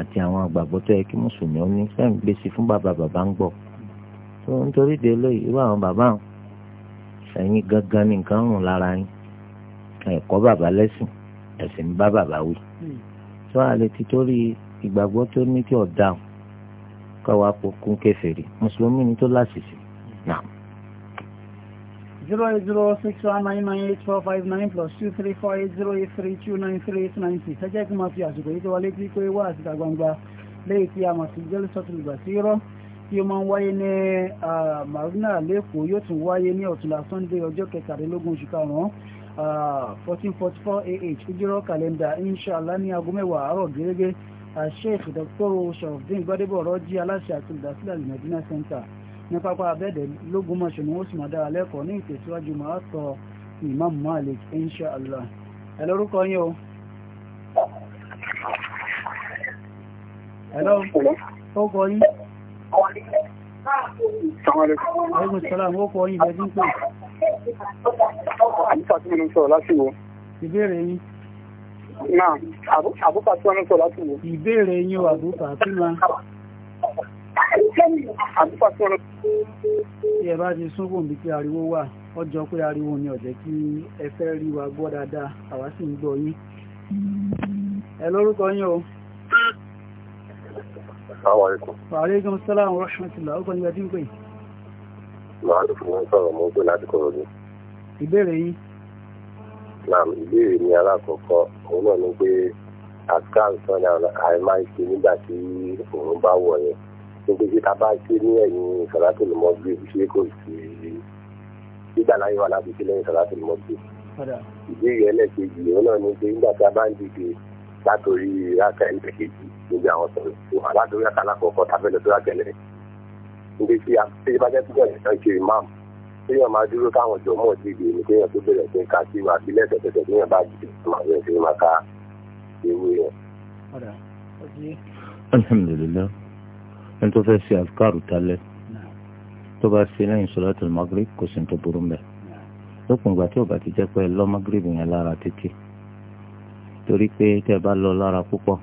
àti àwọn àgbàgbọ́ tó yẹ kí mùsùlùmí ó ní ṣé ń gbé sí fún bàbá bàbá ń gbọ́ tó ń torí de lóyè irú àwọn bàbá ẹ̀yin gangan ní rùn lára yín ẹ̀kọ́ baba lẹ́sìn ẹ̀sìn bá bàbá wí. tó hmm. àlè ti torí ìgbàgbọ́ tó ní kí ọ̀dà káwa kún kèfèrí mùsùlùmí ni tó láṣìṣe náà. zero eight zero six one nine nine eight four five nine plus two three four eight zero eight three two nine three eight nine six ẹ jẹ́ kí n máa fi àsìkò yìí tó wá létí pé wá àti ìta lẹ́yìn tí a mọ̀ sí jẹ́lẹ̀ sọ́tún ìgbà sí rọ́ tí ó máa ń wáyé ní marina lẹ́kọ̀ọ́ yóò tún wáyé ní ọ̀túnla sunday ọjọ́ kẹtàlélógún oṣù karùn-ún 1444 AH ìjírọ̀ kàlẹ́ndà inṣàlá ní aago mẹ́wàá àárọ̀ gẹ́gẹ́ sheikh dr sharafdin gbadebo ọ̀rọ̀jì aláṣẹ àti olùdásílẹ̀ alimẹ̀dínà center ní pápá abẹ́ẹ̀dẹ̀ lógúnmọ̀ṣọ́ ni wọ́n sì máa dára lẹ́kọ̀ọ́ ní ìtẹ̀síwájú máa sọ imam malik inṣàlá ẹ lórúkọ yín o. hello ó kọ yín. aleykum salaam ó kọ yín lẹ́sìn pé àbúkà tí mo ń sọ̀rọ̀ láti wo. ìbéèrè yín. náà àbúkà tí wọ́n ń sọ̀rọ̀ láti wo. ìbéèrè o àbúkà tí wọ́n. àbúkà tí wọ́n. tí ẹ bá ti sún kòmí kí ariwo wà ọjọ́ pé ariwo ni ọ̀jẹ̀ kí ẹ fẹ́ rí wa gbọ́ dáadáa àwa sì ń gbọ́ yín. ẹ lórúkọ yín o. Assalamu alaikum. Wa alaikum assalam wa rahmatullah. Ó kọ́ ní ẹdín pé màálù fún wọn sọ̀rọ̀ mọ́ pé láti kọ̀rọ̀ ni. ìbéèrè yìí. naam ìbéèrè mi alákọ̀ọ́kọ́ òun náà ni pé àkáǹtì sọ́nà àìmáa ṣe nígbà tí òun bá wọ̀ yẹn níbi tí tábà ṣe ní ẹ̀yìn ìsàlátò lè mọ́ bí ṣé kò sí nígbà láyé wà láti ṣe lẹ́yìn ìsàlátò lè mọ́ bí. ìbéèrè ẹlẹ́kejì òun náà ni pé nígbà tí a bá ń dìde látòrí rákà ẹlẹ́kejì níbi àwọn sọ̀rọ̀ níbi tí àtẹ́jọba tó bẹ̀rẹ̀ kan ṣe ìmáàmù téèyàn máa dúró káwọn jọ mọ̀ sí ibi téèyàn tó bẹ̀rẹ̀ sí ká sí àbí lẹ́sẹ̀kẹsẹ̀ téèyàn bá jù máa bẹ̀rẹ̀ sí máa ka ewu yẹn. alhamdulilayi ẹni tó fẹ́ ṣe àfikàrù talẹ̀ tó bá ṣe lẹ́yìn sọ́láàtì magrib kò sí tó burú mẹ́ lópin ìgbà tí ó ti jẹ́ pé lọ́ magrib yẹn lára títí torí pé tẹ́ bá lọ lára púpọ̀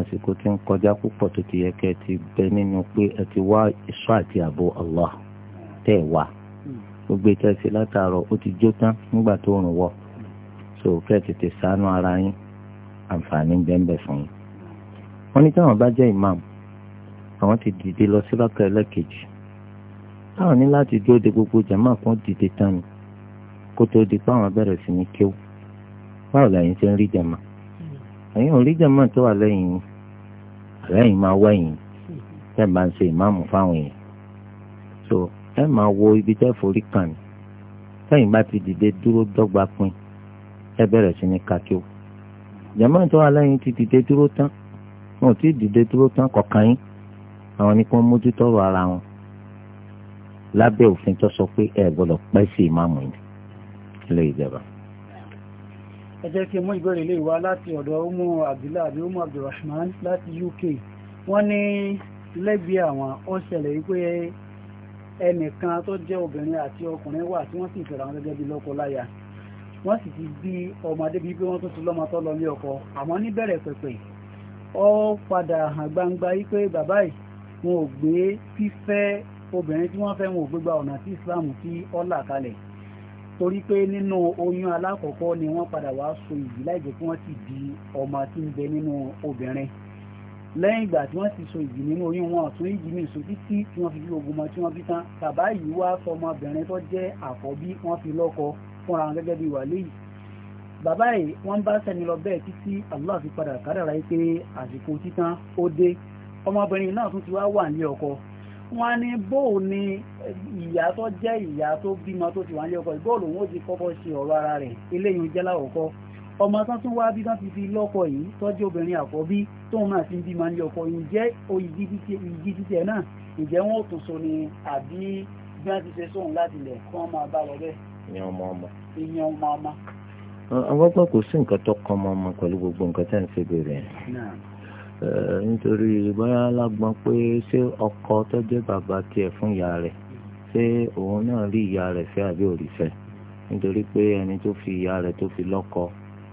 àsìkò tí ń kọjá púpọ̀ tó ti yẹ kẹ́ ẹ ti bẹ nínú pé ẹ ti wá ìṣọ́ àti ààbò Allah tẹ́ ẹ wá gbogbo ìtẹ́ sí látàárọ̀ ó ti jó tán nígbà tó rùn wọ̀ so kẹ́ ẹ tètè sànú ara yín àǹfààní bẹ́ẹ̀ fún yín. wọ́n ní táwọn bá jẹ́ imam àwọn ti dìde lọ sí rákà ẹlẹ́kejì táwọn ní láti dúró de gbogbo jàmáà kan dìde tán ni kó tó di pé àwọn bẹ̀rẹ̀ sí ní kéwù báwo làyín ti ń rí jàmáà ẹ̀yin ò rí jàmá tó wà lẹ́yìn lẹ́yìn máa wẹ̀yìn tẹ́ bá ń ṣe ìmáàmù fáwọn èèyàn so ẹ máa wo ibi tẹ́ forí kàn ní tẹ́yìn bá ti dìde dúró dọ́gba pin ẹ bẹ̀rẹ̀ sí ní kakíó jàmá tó wà lẹ́yìn ti dìde dúró tán wọn ò tí dìde dúró tán kọ̀ọ̀kan yín àwọn ni kò mójútó ọ̀rọ̀ ara wọn lábẹ́ òfin tó sọ pé ẹ gbọ́dọ̀ pẹ́ sí ìmáàmù yìí lè jẹba ẹ jẹ́ kí mú ìbéèrè lè wá láti ọ̀dọ̀ umu abdullah àbí umu abdulrahman láti uk wọ́n ní lẹ́gbẹ̀ẹ́ àwọn ó ṣẹlẹ̀ wípé ẹnìkan tó jẹ́ obìnrin àti ọkùnrin wà tí wọ́n sì fẹ́ra wọn gẹ́gẹ́ bí lọ́kọ láya wọ́n sì ti bí ọmọdé bíi pé wọ́n tó ti lọ́mọ tó lọ ní ọkọ àmọ́ níbẹ̀rẹ̀ pẹ̀pẹ̀ ó padà hàn gbangba wípé bàbá yìí wọn ò gbé fífẹ́ obìnrin tí wọ́n fẹ́ wọn ò torí pé nínú oyún alákọ̀ọ́kọ́ ni wọ́n padà wá so ìyí láì jẹ́ kí wọ́n ti di ọmọ tí ń bẹ nínú obìnrin lẹ́yìn ìgbà tí wọ́n ti so ìyí nínú oyún wọn ọ̀tún ìyí mi so títí tí wọ́n fi bí ogun mọ tí wọ́n bí tán bàbá yìí wá fọmọbìnrin tó jẹ́ àkọ́bí wọ́n fi lọ́kọ fúnra wọn gẹ́gẹ́ bí wàlíì bàbá yìí wọ́n bá sẹ́ni lọ bẹ́ẹ̀ títí Allah fi padà kádàrá yìí pé àsìkò títán ó dé ọmọbìnrin náà tún ti wá wà ní ọkọ wọ́n ní bóò ni ìyá tó jẹ́ ìyá tó bímọ tó ti wà ní ọkọ ìbóòlù wọn ó ti kọ́kọ́ ṣe ọ̀rọ̀ ara rẹ̀ eléyìí jẹ́ láwọ̀kọ́ ọmọ tán tún wá bí tán ti fi lọ́kọ yìí tọ́jú obìnrin àkọ́bí tóun náà ti ń bímọ ní ọkọ ǹjẹ́ ìyí títí náà ǹjẹ́ wọn ò tún so ni àbí bí wọ́n ti ṣe sóhun láti ilẹ̀ kí wọ́n máa bá lọ bẹ́ẹ̀. ìyẹn ọmọ ọmọ. ìyẹn ọmọ ọmọ. àwọn ọgbọ́n kò sí nǹkan tó kọ́ ọmọ ọmọ pẹ̀lú gbogbo nǹkan tá nítorí bóyá lágbọ́n pé ṣé ọkọ tó jẹ́ bàbá tiẹ̀ fún ìyá rẹ̀ ṣé òun náà rí ìyá rẹ̀ fẹ́ àbí òrìṣẹ́ nítorí pé ẹni tó fi ìyá rẹ̀ tó fi lọ́kọ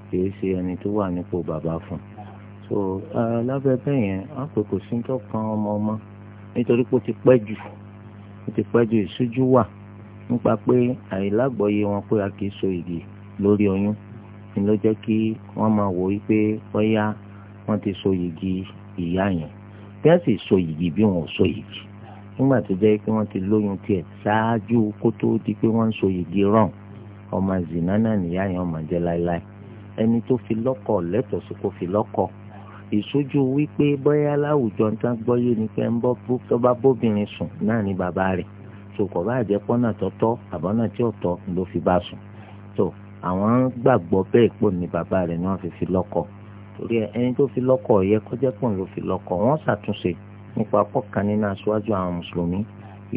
kìí ṣe ẹni tó wà nípò bàbá fún so lábẹ́ bẹ́ẹ̀ yẹn á pè kò sí tó kan ọmọ ọmọ nítorí pé ó ti pẹ́ jù ó ti pẹ́ jù ìṣújú wà nípa pé àìlágbọ́yé wọn pé a kìí so ìdí lórí oyún ni ló jẹ́ kí wọ́n máa wò wípé bóyá wọ́n ti so yìgì ìyá yẹn bí wọ́n sì so yìgì bí wọ́n ò so yìgì nígbà tó jẹ́ pé wọ́n ti lóyún tiẹ̀ ṣáájú kó tó di pé wọ́n ń so yìgì rọ̀n ọmọ zina náà nìyá yẹn ọmọ jẹ́ láéláé ẹni tó fi lọ́kọ lẹ́tọ̀ọ́ sí kó fi lọ́kọ ìṣojú wípé bóyá láwùjọ ń tán gbọ́yé ni pé ń bọ́ tó bá bóbìnrin sùn náà ní bàbá rẹ̀ tó kọ̀ bá jẹ́ pọ́nà tọ́tọ́ àbọ̀nà tí ò tọ́ ló fi bá sùn tó àwọn gbàgbọ́ bẹ́ẹ̀ pò ní bàbá rẹ̀ ni wọ́n fi fi lọ́kọ torí ẹni tó fi lọ́kọ yẹ kọjá pọ̀ ló fi lọ́kọ wọ́n ṣàtúnṣe nípa pọ̀kan nínú aṣáájú àwọn mùsùlùmí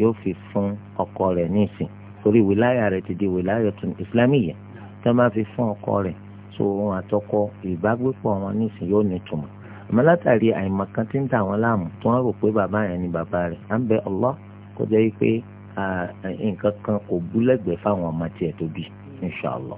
yóò fi fún ọkọ rẹ̀ ní ìsìn torí wìláyà rẹ̀ ti di wìláyà tún ìsìlámìyà tó máa fi fún ọkọ rẹ̀ tó ohun àtọkọ ìbágbépọ̀ wọn ní ìsìn yóò nítumọ̀ àmọ́ látàrí àìmọ̀kan tí ń dà wọ́n láàmú tí wọ́n rò pé bàbá yẹn ni bàbá rẹ̀ à ń bẹ Allah kó jẹ́ pé nǹkan kan kò bú lẹ́gbẹ̀ẹ́ fáwọn ọmọ tiẹ̀ tó bí inṣàlá.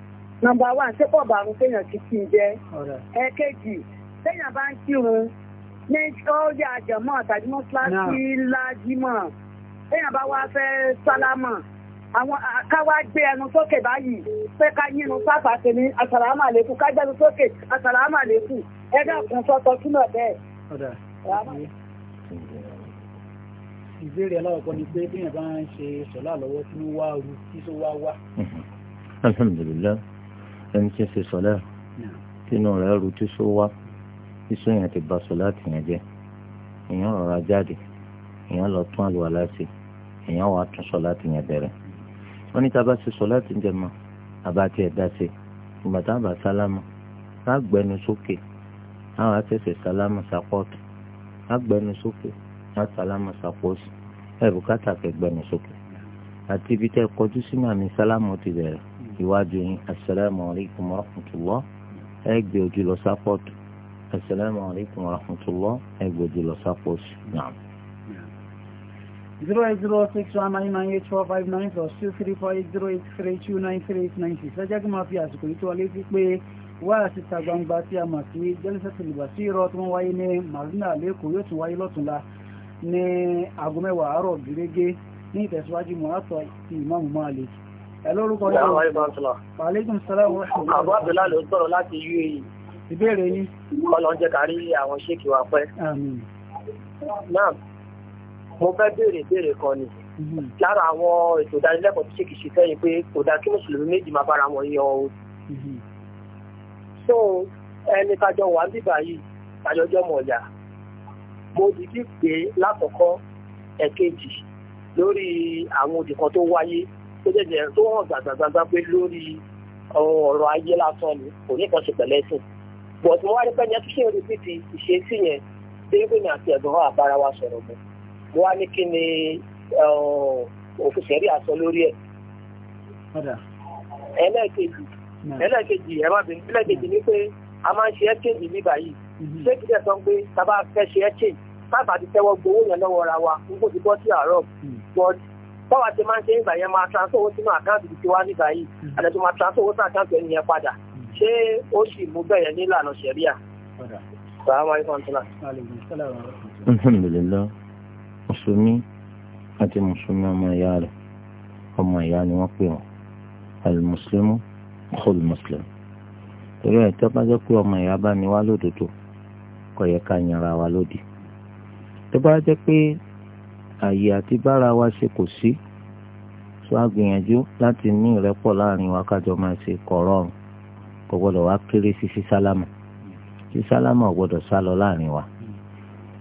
nọmba wa ṣé pọ̀ bàrún kéèyàn ti kí n jẹ́ ẹ̀ẹ́kejì kéèyàn bá ń kírun ní ọ́ọ́yà àjẹmọ́ tàbí mọ́ṣáláṣí lájímọ̀ kéèyàn bá wá fẹ́ sálámọ̀ àwọn káwá gbé ẹnu sókè báyìí pé ká yínú sáfà sí ní àsàlámà lẹ́kù ká gbẹ́nu sókè àsàlámà lẹ́kù ẹgbẹ́ ọ̀kan sọ́tọ̀ túnbọ̀ bẹ́ẹ̀. ìbéèrè aláwọ̀kọ́ ni pé bí èèyàn bá ń ṣe sọ̀lá lọ́wọ́ tí ó wá rú tí ó wá wá. alhamdulilayi ẹni tí ń ṣe sọlá tínú rẹ̀ rú tí sọ wá sísọ yẹn ti ba sọlá tìyẹn jẹ èèyàn rọra jáde èèyàn lọ tún àlùwàlá sí èèyàn wàá tún sọlá tìyẹn bẹ̀rẹ̀ wọ́n ní tá a bá ṣe sọlá tì jẹ mọ́ àbá tiẹ̀ dá sí ìgbà tá a bá sálámà á gbẹnu sókè àwọn àtẹ̀sẹ̀ sálámà sápọ̀tù á gbẹnu sókè á sálámà sápọ̀tù ẹ̀ bùkátà kẹ gbẹnu sókè àti ibi tẹ́ kọjú sínú àmì sálámà ti bẹ̀rẹ̀ iwájú yín asalaamu alaykum wa rahmatulah ẹ gbé ojú lọ sápọ̀tù asalaamu alaykum wa rahmatulah ẹ gbé ojú lọ sápọ̀tù naam. zero eight zero six one nine nine eight four five nine plus two three four eight zero eight three two nine three eight nine six ẹ kí n máa fi àsìkò yìí tó wọlé sí pé wá síta gbangba tí a mọ̀ sí jẹ́lẹ́sẹ̀tì lùbà sí irọ́ tó ń wáyé ní marina lẹ́kọ̀ọ́ yóò tún wáyé lọ́túnla ní aago mẹ́wàá àárọ̀ gẹ́gẹ́ ní ìtẹ̀síwájú mọ́ àtọ̀ ti ìmáàmù ẹlórúkọ e. mo fẹ́ béèrè ìbéèrè kan ni mhm. lára àwọn ètò ìdánilẹ́kọ̀ọ́ tí ṣèkì ṣe pé kò dá kí mùsùlùmí méjì máa bára wọn yan o. Mhm. so ẹni kájọ wà bíbà yìí kájọ jọ mọ̀ ọ̀yà mo pé lákọ̀ọ́kọ́ ẹ̀kejì lórí àwọn òdì tó wáyé tó jẹjẹ tó hàn gbàgbàgbà pé lórí ọ̀rọ̀ ayé lásán ni kò ní kan ṣe pẹ̀lẹ́ sùn bọ̀dù wọn rí pẹ́yẹ tún ṣe ń retí ti ìṣesí yẹn dégbé ní àti ẹ̀gbọ́n wa bára wa sọ̀rọ̀ mọ́ mo wá ní kí ni eh, òfin ṣẹ̀rí àsọ lórí ẹ̀. ẹlẹ́ẹ̀kejì ẹlẹ́ẹ̀kejì ẹ má bínú ẹlẹ́ẹ̀kejì ni pé a máa ń ṣe ẹ́kejì nígbà yìí ṣé kí lẹ́sàn pé tá a bá fẹ́ ṣe ẹ́kejì tábà ti tẹ́wọ́ gbowó yẹn lọ́wọ́ ra wa n kò ti bọ́ sí àárọ̀ mhm. but báwa ti máa ń ṣe ìgbà yẹn máa transfer owó sínú àkáǹtì tí wá nígbà yìí hmm. àdàtú máa transfer owó sí àkáǹtì ẹni yẹn padà hmm. ṣé ó sì mú bẹ́ẹ̀ ní ìlànà ṣẹ̀ríà. alhamdulilayi mùsùlùmí àti mùsùlùmí ọmọ ìyá rẹ̀ ọmọ ìyá ni wọ́n pè wọ́n alimuslimu kol muslim torí ẹ̀ tó bá jẹ́ pé ọmọ ìyá bá ní wá lódodo kò yẹ ká yanra wa lódì tó bá jẹ́ pé àyè àti bára wa ṣe kò sí tó a gbìyànjú láti ní ìrẹ́pọ̀ láàrin wa kájọ máa ṣe kọ̀ọ̀rọ̀ ọ̀run kò gbọ́dọ̀ wá kéré sí sí sálámà sí sálámà ò gbọ́dọ̀ sá lọ láàrin wa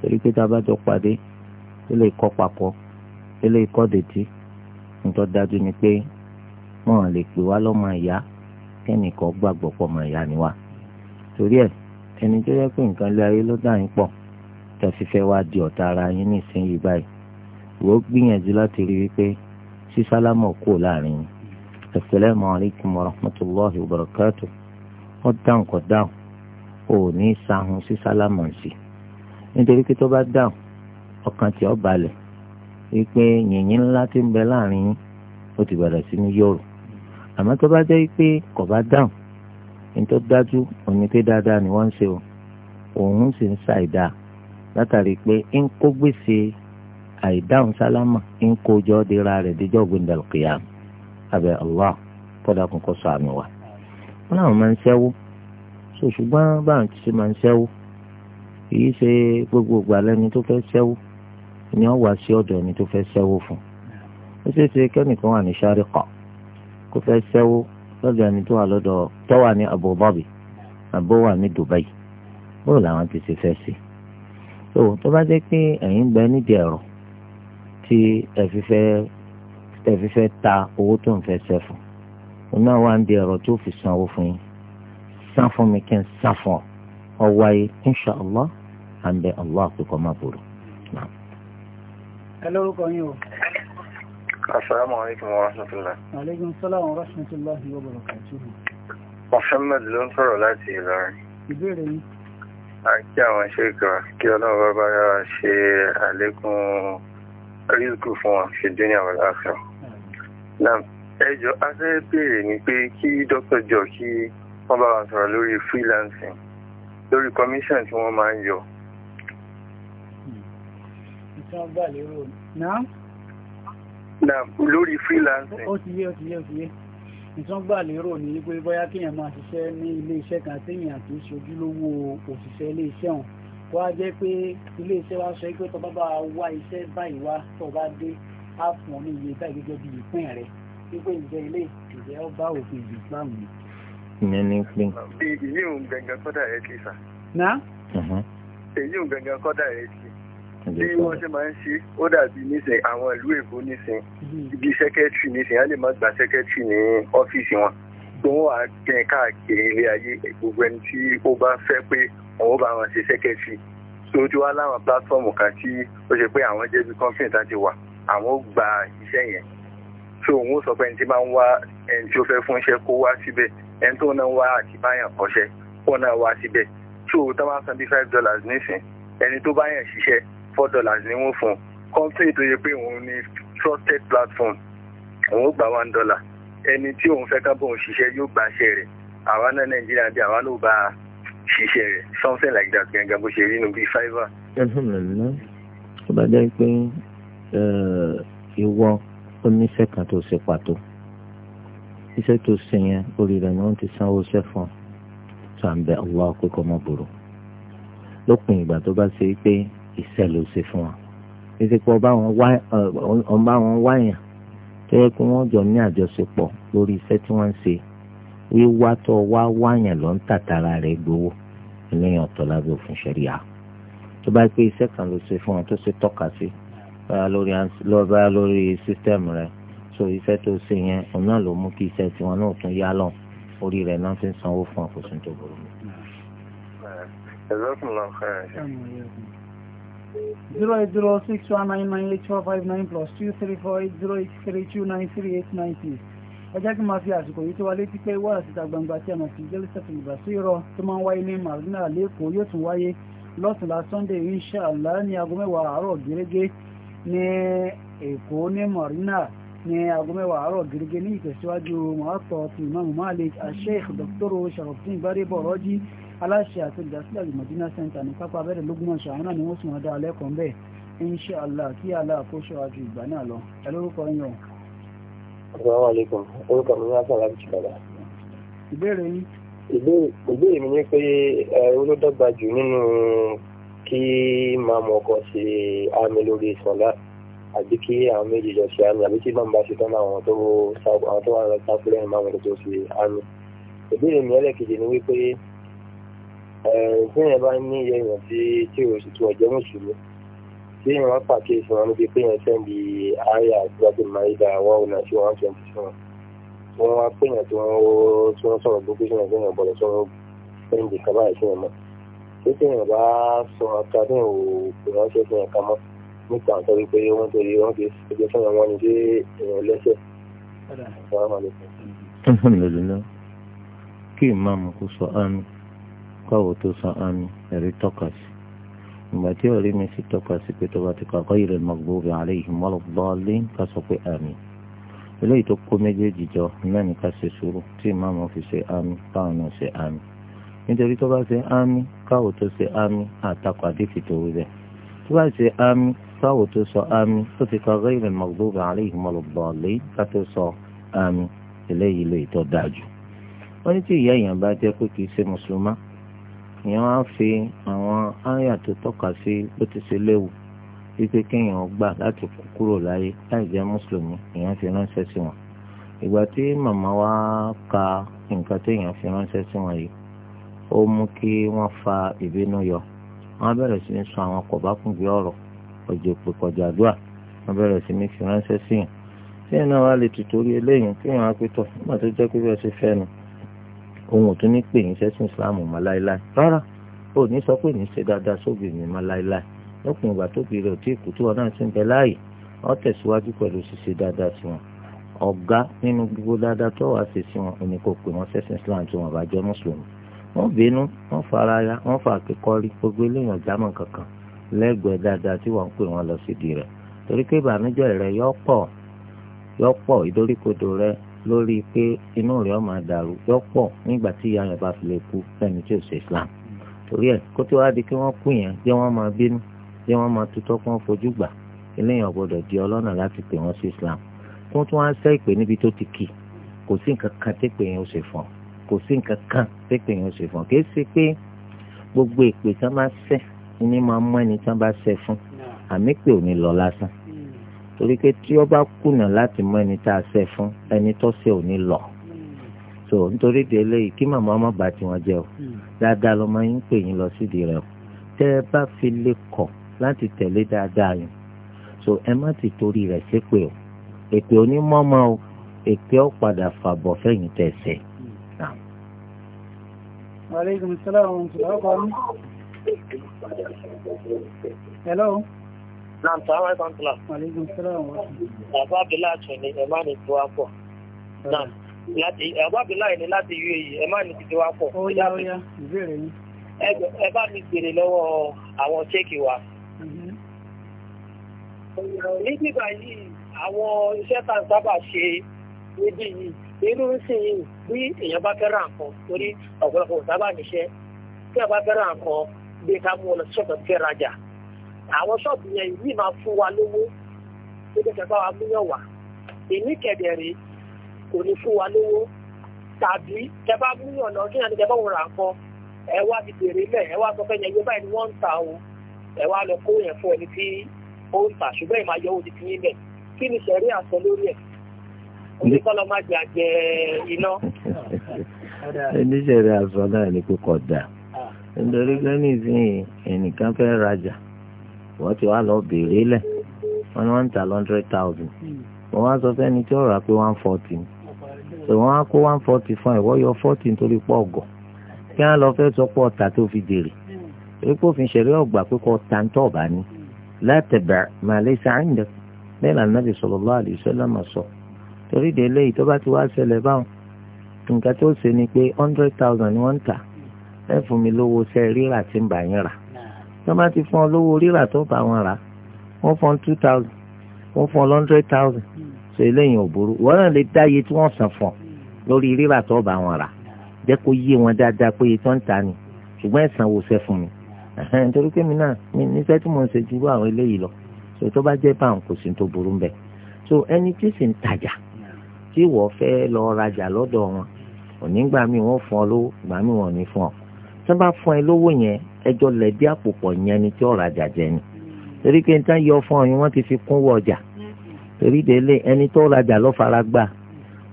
torí pé tá a bá jọ pàdé ilé ikọ́ papọ̀ ilé ikọ́ dètí nítorí dájú ni pé wọn lè pè wá lọ́mọ ìyá kẹ́nìkan gbàgbọ́ pọ̀ mọ̀ ìyá ni wa torí ẹ̀ ẹni tó yẹ pé nǹkan lé ayé ló dà yín pọ̀ tẹ̀sífẹ́ wá di ọ̀tá ara yín nísìnyí báyìí wọ́n gbìyànjú láti rí wípé sísálámọ̀ kò láàrin yìí asalaamu alaykum wa rahmatulahi wa barakatu wọ́n dáhùn kọ́ dáhùn ò ní sahun sísálámọ̀ sí nítorí pé tó bá dáhùn ọkàn tí balẹ̀ wípé yìnyín ńlá ti ń bẹ láàrin yìí ó ti sí ní àmọ́ tó bá jẹ́ kò bá dáhùn ní tó dájú òní pé dáadáa ni wọ́n ń o òun sì ń ṣàìdá látàrí àìdáhùn sálámà ń kojọ́ dira rẹ̀ díjọ́ gbẹ̀ndàlù kìyàm abẹ́ allah kọ́dà kún kó ṣàánú wa. wọ́n náà máa ń ṣẹ́wó so ṣùgbọ́n báwọn ti ṣe máa ń ṣẹ́wó èyí ṣe gbogbo ìgbà lẹ́ni tó fẹ́ ṣẹ́wó ni wọ́n wá sí ọ̀dọ̀ ẹni tó fẹ́ ṣẹ́wó fún ó ṣeé ṣe kẹ́nìkan wà ní sáríkà kó fẹ́ ṣẹ́wó lọ́dọ̀ ẹni tó wà lọ́dọ̀ tó wà ní Abu àbó wà ní Dubai bóyá làwọn ti ṣe fẹ́ sí so tó bá jẹ́ pé ẹ̀yin gbẹ nídìí ẹ̀rọ tí ẹ fi fẹ́ ta owó tó ń fẹ́ sẹ́fún òun náà wà ń di ọ̀rọ̀ tó fi sanwó fún yín san fún mi kí n san fún ọ ọ wáyé insha allah à ń bẹ allah àpèkọ́ má burú. ẹ lórúkọ yín o. Assalamu wa rahmatullah. Alaikum salam wa rahmatullahi wa barakatuhu. Mohammed ló ń sọ̀rọ̀ láti Ìlọrin. Ìbéèrè yìí. A kí àwọn ṣèkà kí ọlọ́run bá bá yára ṣe àlékún rízùkù fún wa ṣe dé ní àwọn aláṣà ẹjọ́ afẹ́ bèèrè ni pé kí dr jọ kí wọ́n bá wa sọ̀rọ̀ lórí freelancing lórí commission tí wọ́n máa ń yọ. lórí freelancing. ó ti yé ó ti yé ó ti yé ìtàn gbà lérò ní pé bóyá kéèyàn máa ṣiṣẹ́ ní ilé iṣẹ́ kan téèyàn kì í ṣojúlówó òṣìṣẹ́ ilé iṣẹ́ ọ̀hún tó a jẹ́ pé ilé iṣẹ́ wa sọ pé tó bá bá wá iṣẹ́ báyìí wá tó bá dé á fún ọ ní iye báyìí gẹ́gẹ́ bí ìpín rẹ̀ wípé ìjẹ́ ilé ìjẹ́ ọ bá òfin ìlú Islam ni. ìyẹn ní pín. èyí ò ń gbẹ̀ngàn kọ́dà rẹ̀ ti sà. na. Uh-huh. èyí ò ń gbẹ̀ngàn kọ́dà rẹ̀ ti. bí wọ́n ṣe máa ń ṣe ó dàbí nísìn àwọn ìlú èkó nísìn ibi mm-hmm. sẹ́kẹ́tì nísìn á lè má gba sẹ́kẹ́tì ní ọ́fíìsì wọn. tó wọ́n á káàkiri ilé ayé gbogbo ẹni tí ó bá fẹ́ pé àwọn bá wọn ṣe sẹ́kẹ̀tì so ojú wa láwọn pílátífọ̀mù kan tí ó ṣe pé àwọn jẹ́ bí tá ti wà àwọn ó gba iṣẹ́ yẹn so òun ó sọ pé ẹni tí máa ń wá ẹni tí ó fẹ́ fún iṣẹ́ kó wá síbẹ̀ ẹni tó náà wá àti báyàn kọ́ṣẹ́ kó náà wá síbẹ̀ so tó bá san bí five dollars nísìn ẹni tó báyàn ṣiṣẹ́ four dollars ni wọ́n fún un kọ́ńfìn tó yẹ pé òun ní trusted platform òun ó gba one dollar ẹni tí òun fẹ́ ká bóun ṣiṣẹ́ yóò gbaṣẹ́ rẹ̀ àwa náà nàìjíríà bí àwa ló bá a ṣiṣẹ́ rẹ̀ something like that gangan bó ṣe rí nu bíi fiverr. alhamdulilayi ó bá jẹ́ pé ìwọ ó níṣẹ́ kan tó ṣe pàtó iṣẹ́ tó ṣe yẹn orí rẹ̀ ni wọ́n ti sanwó iṣẹ́ fún ọ tó à ń bẹ Allah pé kọ́ mọ́ burú lópin ìgbà tó bá ṣe pé iṣẹ́ ló ṣe fún wa títí pé ọba wọn wáyà tó yẹ kí wọ́n jọ ní àjọṣepọ̀ lórí iṣẹ́ tí wọ́n ń ṣe wíwá tó wá wáyà ló ń tàtàrà rẹ̀ gbowó eléyàn ọ̀tọ̀ lábẹ́ òfin ṣẹ̀ríà tó bá pé iṣẹ́ kan ló ṣe fún ọ tó ṣe tọ́ka sí báyà lórí báyà lórí sísítẹ́ẹ̀mù rẹ so iṣẹ́ tó ṣe yẹn òun náà ló mú kí iṣẹ́ tiwọn náà tún yá lọ orí rẹ̀ náà fi ń sanwó fún àkóso tó burú. zero eight zero six one nine nine eight four five nine plus two three four eight zero eight three two nine three eight nine six ẹjẹ́ kí máa fi àsìkò yìí tó wá létí pé wọ́n àti ìta gbangba tí a máa fi jẹ́lẹ́sẹ̀ tó lùbà sí irọ́ tó máa ń wáyé ní marina lẹ́kọ̀ọ́ yóò tún wáyé lọ́tùnlá sunday inshallah ní aago mẹ́wàá àárọ̀ gẹ́gẹ́ ní èkó ní marina ní aago mẹ́wàá àárọ̀ gẹ́gẹ́ ní ìtẹ̀síwájú mọ́tò ti imamu malik asheikh dr sharafdin gbadebo ọ̀rọ́jì aláṣẹ àti olùdásílẹ̀ alimọ̀dínà center ní pápá abẹ́rẹ́ lógúnmọ̀ṣọ àwọn náà ni wọ́n sùn wọn dá alẹ́kọ̀ọ́ bẹ́ẹ̀ inshallah kí aláàkóso àjù ìgbà náà lọ ẹ lórúkọ yín o Assalamu alaikum. Orúkọ mi ní Asala Bíṣìkàlá. Ìbéèrè yín. Ìbéèrè mi ni pé ẹ̀rọ ló dọ́gba jù nínú kí máa mọ ọkọ̀ ṣe àmì lórí ìsọ̀lá àbí kí àwọn méjì jọ ṣe àmì àbí kí máa ń bá ṣe tán àwọn tó wà lọ sáfù lẹ́yìn máa mọ̀ tó ṣe àmì. Ìbéèrè mi ẹlẹ́kejì ni wípé ẹ̀ẹ́dẹ́yìn bá ní iye èèyàn tí tí ò tí èèyàn wá pàkíyèsí wọn níbi pé yẹn sẹ́ndì àyà àtúbàtì máìdá wà ọ̀nà sí one twenty seven tí wọ́n wá péyàn tí wọ́n sọ̀rọ̀ gbogbo sí yẹn sẹ́yìn ọ̀bọ̀lọ̀ sọ̀rọ̀ sẹ́ndì kábà sí yẹn mọ́ tí sẹ́yìn bá sọ ata tí ò pè wọ́n ṣe fihàn ká mọ́ nípa àtọ́ wípé wọ́n torí wọ́n fi ẹgbẹ́ sẹ́yìn wọn ni pé èèyàn lẹ́sẹ̀. alhamdulilayi kí ìmáàmù kó sọ àmì káwọ́ tó sọ àmì ẹ̀rí tọ́ka sí ìgbà tí ọ̀rẹ́ mi sì tọ́ka sí pé tọ́ba ti kàkọ́ ìrẹ̀ mọ̀gbọ́bẹ̀ alayhim waladdallin ká sọ pé àmín eléyìí tó kó méjèèjì jọ náà ní ká ṣe sùúrù tí ìmáàmù fi ṣe àmín káwọn náà ṣe àmín nítorí tó bá ṣe àmín káwọn tó ṣe àmín àtakò àdéfì tó wí bẹ́ẹ̀ tó bá ṣe àmín káwọn tó sọ àmín tó ti kàkọ́ ìrẹ̀ mọ̀gbọ́bẹ̀ alayhim waladdallin ká tó sọ àmín eléyìí lè tọ́ dáa jù wọ́n ní tí ìyá èèyàn bá jẹ́ pé kì í ṣe mùsùlùmá èèyàn á fi àwọn áyà tó tọ́ka sí bó ti ṣe léwu wípé kéèyàn gbà láti kú kúrò láyé láì jẹ́ mùsùlùmí èèyàn fi ránṣẹ́ sí wọn ìgbà tí màmá wa ka nǹkan téèyàn fi ránṣẹ́ sí wọn yìí ó mú kí wọ́n fa ìbínú yọ wọ́n bẹ̀rẹ̀ sí ní sọ àwọn kọ̀bákùngbé ọ̀rọ̀ ọ̀jọ̀ pé kọjá àdúrà wọ́n bẹ̀rẹ̀ sí ní fi ránṣẹ́ sí yàn tí náà wá lè tìtorí eléyìí kéèyàn á pé tọ̀ nígbà tó jẹ́ pé bẹ́ẹ̀ ṣe fẹ́ nu òun ò tún ní pè ní sẹ́sìn islam mọ́ láéláé rárá ó ní sọ pé ní ṣe dáadáa sóbì mi mọ́ láéláé lópin ìgbà tóbi rẹ̀ ò tí kù tí wọn náà ti ń bẹ láàyè wọ́n tẹ̀síwájú pẹ̀lú ṣíṣe dáadáa sí wọn ọ̀gá nínú gbogbo dáadáa tó wàá ṣe sí wọn òní kò pè wọ́n sẹ́sìn islam tí wọn bá jẹ́ mùsùlùmí wọ́n bínú wọ́n fara ya wọ́n fa àkẹ́kọ̀ọ́ rí gbogbo eléyàn jámọ̀ kankan lẹ́gbẹ̀ẹ́ dáadáa tí wọ́n ń pè wọ́n lọ sídìí rẹ̀ torí pé ìbànújẹ́ rẹ̀ yọ pọ̀ yọ pọ̀ ìdóríkodò rẹ̀ lórí pé inú rẹ̀ ọmọ dàrú yọpọ̀ nígbà tí ìyá rẹ̀ bá fi lè kú fẹ́ni tí ò ṣe islam torí ẹ̀ kó tó wáá di kí wọ́n kú yẹn jẹ́ wọ́n máa bínú jẹ́ wọ́n máa tutọ́ kí wọ́n fojú gbà eléyìí ọ̀gbọ́dọ̀ di ọlọ́nà láti pè wọ́n sí islam kí wọ́n tún wá sẹ́ ìpè níbi tó ti kì kò sí nǹkan kan tí pè yẹn ó ṣe fún kò sí nǹkan kan tí pè yẹn ó ṣe fún kìí ṣe pé gbogbo ìpè tán bá sẹ́ ni máa mú ẹni tán bá sẹ́ fún àmì pè ò lọ lásán torí pé tí ó bá kùnà láti mọ ẹni tá a ṣe fún ẹni tó ṣe ò ní lọ so nítorí délé yìí kí màmá ọmọ bá tiwọn jẹ o hmm. dáadáa ló máa ń pè yín lọ sídìí rẹ o tẹ ẹ bá fi lè kọ̀ láti tẹ̀lé dáadáa yìí so ẹ má ti torí rẹ̀ ṣépè o èpè onímọ̀ọ́mọ́ o èpè ó padà fàbọ̀ fẹ̀yìn tẹ̀sẹ̀. Hmm. Hello. Náà sàmà ìfàntìlá. Bàbá Abdullahi Àtúnni ẹ̀ má ní tiwa pọ̀. Náà láti bàbá Abdullahi ni láti yú èyí ẹ̀ má ní ti tiwa pọ̀. Ó yá ó yá ìbéèrè yín. Ẹ bá mi gbèrè lọ́wọ́ àwọn ṣéèkì wa. Mhm. Ní bíbá yìí, àwọn iṣẹ́ tá à ń sábà ṣe níbí yìí, inú ń sìn yìí bí èèyàn bá fẹ́ràn kan torí ọ̀pọ̀lọpọ̀ ò sábà níṣẹ́. Tí a bá fẹ́ràn kan, bí ká mú ọ lọ sí ọ̀dọ̀ fẹ́ rajà àwọn ṣọ́ọ̀bù yẹn yìí máa fún wa lówó tó dé kẹfà wa múyàn wá èmi kẹ̀dẹ̀rẹ̀ kò ní fún wa lówó tàbí kẹfà múyàn náà kí nàní kẹfà òun rà nǹkan ẹ wá ti bèrè lẹ̀ ẹ wá sọ fẹ́ yẹn yóò báyìí ni wọ́n ń ta o ẹ wá lọ kó yẹn fún ẹni tí ó ń tà ṣùgbọ́n ìmọ̀ ayọ̀ òdì fi yín bẹ̀ kí ni sẹ̀rí àṣọ lórí ẹ̀ oníkọ́lọ́ má jẹ àjẹ iná. ẹni sẹ̀rí àṣọ náà ni kò kọ̀ dà ah. nítorí gánìsì ẹnìkan fẹ́ rajà wọ́n ti wá lọ béèrè lẹ̀ wọ́n ní wọ́n ń ta hundred thousand wọ́n wá sọ fẹ́ni tí ó rà one fourteen. so wọ́n á kó one forty fún ẹ̀ wọ́n yọ forty nítorí pọ̀ ọ̀gọ̀ kí wọ́n lọ fẹ́ sọ pé ọ̀tà tó fi dèrè torí pé òfin ṣẹ̀rí ọ̀gbà pé kò ta ń tọ̀ bá ní látẹ̀bẹ̀ màálé sàǹdẹ̀ bẹ́ẹ̀ lànà nàbì sallallahu alaihi wasallam sọ torí délé yìí tó bá ti wá ṣẹlẹ̀ báwọn nǹkan tó ṣe ni pé hundred thousand ni wọ́n ń tà ẹ fún mi lówó sẹ́ẹ̀ rírà tí ń bà yín rà tó bá ti fún ọ lówó rírà tó bá wọn rà wọ́n fún two thousand wọ́n fún hundred thousand ṣe eléyìí ò burú wọ́n náà lè dá iye tí wọ́n san fún lórí rírà tó bá wọn rà jẹ́ kó yé wọn dáadáa pé iye tó ń ta ni ṣùgbọ́n ẹ̀sán wo ṣe fún mi nítorí pé mi náà níṣẹ́ tí mo ń ṣe ju àwọn eléyìí lọ so tó bá jẹ́ báwọn kò sí tó burú mbẹ́ so ẹni tí sì ń tajà tí wọ́n fẹ́ lọ rajà lọ́dọ̀ wọn òní gbà mí wọ́n fún ọ lówó gbà mí wọ́n ní fún ọ tí wọ́n bá fún ẹ lówó yẹn ẹjọ́ lẹ̀dí àpòpọ̀ yẹn ni tí ọ̀rọ̀ àjàjẹ́ ni torí pé níta yọ fún ọyún wọ́n ti fi kún wọ ọjà torí délé ẹni tó rajà lọ́ fara gbà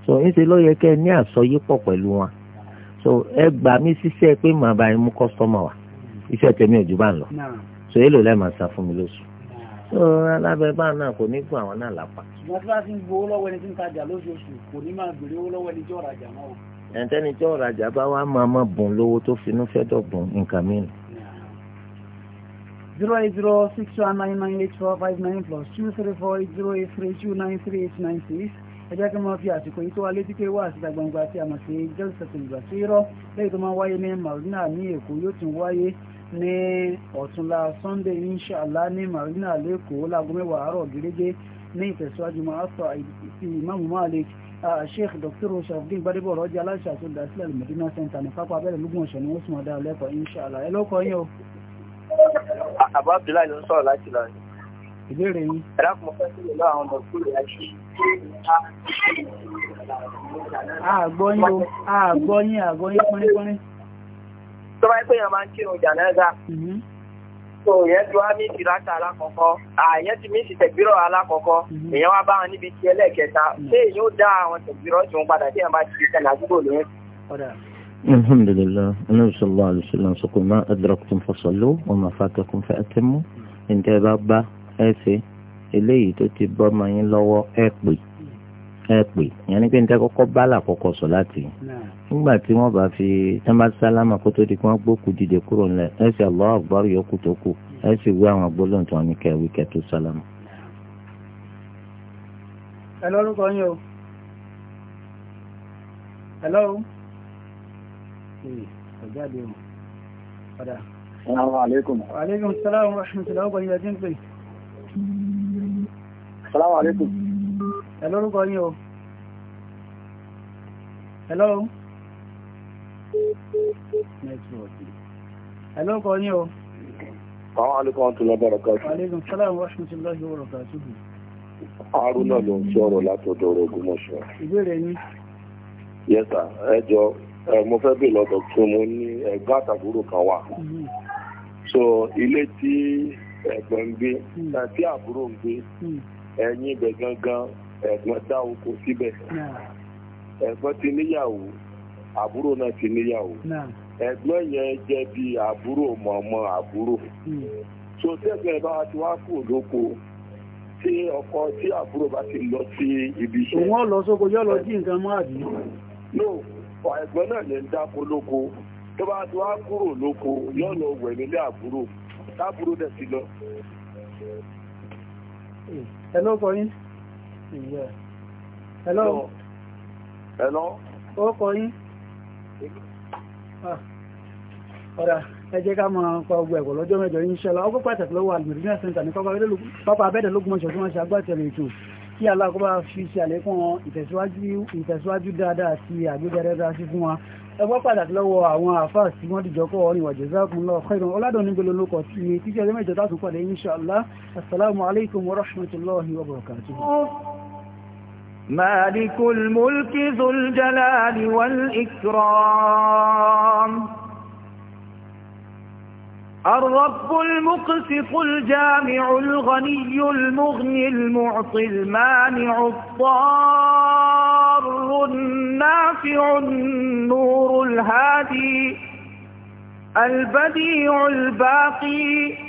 so ńṣe ló yẹ kẹ́ ẹ ní àsọyípọ̀ pẹ̀lú wọn so ẹ gbà mí síṣẹ́ pé màá bá yín mú kọ́sọ́mọ̀ wá iṣẹ́ tèmi ò ju bá ń lọ so èlò lẹ́ẹ̀ máa san fún mi lóṣù so alábẹ́ bá náà kò ní gún àwọn náà lápá. ìgbà tí wọ́n ti ń gbowó lọ́wọ́ ẹni tí ń tajà lóṣooṣù kò ní máa gbèrè owó lọ́wọ́ ẹni tí ó rajà náà ẹ̀ńtẹ́ni tí ọ̀rajà bá wà máa máa bùn lówó tó finú fẹ́ dọ̀gbọ̀n nǹkan mìíràn. zero eight zero six one nine nine eight four five nine plus two three four eight zero eight three two nine three eight nine six ẹ jẹ́ kí n máa fi àsìkò yìí tó wá létí pé wá àsìkò gbangba tí a mọ̀ sí jẹ́sítẹ̀sì ìgbà tó yẹrọ lẹ́yìn tó máa wáyé ní marina ní èkó yóò tún wáyé ní ọ̀túnla sunday inshallah ní marina lẹ́kọ̀ọ́ láago àárọ̀ gẹ́gẹ́ ní ìtẹ̀síwájú máa sọ ìmáàmù Malik Ah, sheikh dr sharafdin gbadebo ọ̀rọ̀ jẹ́ aláṣà tó dá sílẹ̀ medina center ní pápá abẹ́rẹ̀ lúgùn ọ̀ṣẹ̀ ni wọ́n sì máa dá lẹ́kọ̀ọ́ inṣàlá ẹ lọ́kọ̀ yín o. àbá abdullahi ló ń sọ̀rọ̀ láti lọ. ìbéèrè yín. ẹ dákun mo so ìyẹn tí wàá mí ti rákà alákọ̀ọ́kọ́ àyẹn ti mí ti tẹ̀gbírọ̀ alákọ̀ọ́kọ́ èèyàn mhm. wá bá wọn níbi tí ẹlẹ́ẹ̀kẹta mhm. ṣé èèyàn ó dá àwọn tẹ̀gbírọ̀ tó padà tí èèyàn bá ti ṣe làdúgbò lóyún. alhamdulilayi anabi sallallahu alayhi wa sallam sọkò má adraktum fasallu wa ma fatakum fa atimmu ǹjẹ́ bá bá ẹ ṣe eléyìí tó ẹ pè yẹn ni pé níta kọ́kọ́ bá làkọ́kọ́ sọ láti nígbà tí wọ́n bá fi tẹ́mbà sálámà kó tó di kí wọ́n gbókù dìde kúrò ńlẹ̀ ẹ sì Allahu Akbar yòókù tó kù ẹ sì wí àwọn gbólóhùn tó ní kẹwì kẹtó sálámà. ẹ lórúkọ yín o hello ọ̀jáde o padà. salaamu aleykum. salaam wa rahmatulah wa barakatuh. salaamu ẹ lórúkọ yín o hello nẹ́tíwọ̀kì ẹ lórúkọ yín o. àwọn alẹ́kọ̀ọ́ àti lọ́bàrà káàkiri. alẹ́kùn sálàmù rahmatulahi wa barakatuhu. haruna ló ń sọ̀rọ̀ látọ̀dọ̀ Ògbómọ̀ṣọ́. ìbéèrè yín. yẹ́sà ẹ jọ mo fẹ́ bí lọ́dọ̀ tún mo ní ẹ̀gbọ́n àtàbúrò kan wà. Mm-hmm. so ilé tí ẹ̀gbọ́n ń gbé àti mm. àbúrò ń gbé. Mm ẹ̀yin ibẹ̀ gangan ẹ̀gbọ́n dá oko síbẹ̀ ẹ̀gbọ́n ti níyàwó àbúrò náà ti níyàwó ẹ̀gbọ́n yẹn jẹ́ bí àbúrò mọ̀ọ́mọ́ àbúrò so tẹ́gbẹ́ bá ti wá kú òdòkó tí ọkọ tí àbúrò bá ti lọ sí ibi iṣẹ́. òun ọ̀lọ́ sóko yóò lọ jí nǹkan mọ́ àbí. no ẹ̀gbọ́n náà lè ń dáko lóko tó bá ti wá kúrò lóko yóò lọ wẹ̀ nílé àbúrò táàbúrò dẹ̀ ti lọ hello kọ Yeah. hello. hello. ó kọ yín. Ah. ọ̀rà ẹ jẹ́ ká máa pa ogun ẹ̀kọ́ lọ́jọ́ mẹ́jọ inshallah ọkọ̀ pàtàkì lọ́wọ́ àlùmọ̀dé ní ẹ̀sìn ìtàn ní pápá abẹ́dẹ̀ lógún mọ̀ṣọ́ tí wọ́n ṣe agbátẹ̀rẹ̀ ètò kí Allah kó bá fi ṣe àlékún ìtẹ̀síwájú dáadáa àti àgbéga sí fún wa ẹgbọ́ pàtàkì lọ́wọ́ àwọn àfáà tí wọ́n dìjọ́ kọ́ ọ̀rìn ìwàjẹ̀ lọ ọ̀kọ́ìrùn ọ̀làdàn níbi lolókọ̀ tí ní títí ọjọ́ mẹ́jọ tàbí pàdé inshallah الرب المقسط الجامع الغني المغني المعطي المانع الضار النافع النور الهادي البديع الباقي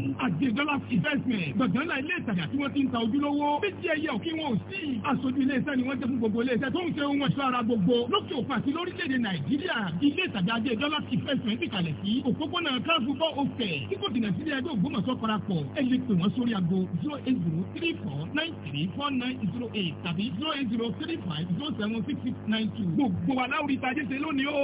fifty dollars investment gbọ̀ngànlá ilé ìtajà tí wọ́n ti ń ta ojúlówó méjì ẹyẹ òkè wọn ò sí aṣojú ilé iṣẹ́ ni wọ́n jẹ́ fún gbogbo ilé iṣẹ́ tó ń ṣe ohun ẹ̀ṣọ́ ara gbogbo lókè òkun àti lórílẹ̀‐èdè nàìjíríà ilé ìtajà ajé dollars investment ti kalẹ̀ sí òpópónà káfù bọ́ òfẹ́ tí kò dìnà sílé ẹgbẹ́ ògbómọ̀ṣọ́ parapọ̀ ẹ lè pè wọ́n sórí ago zero eight zero three four nine three four nine zero eight tàbí zero eight zero three five zero seven six six nine two gbogbo wa láwùrí ìtajà ṣe lónìí o.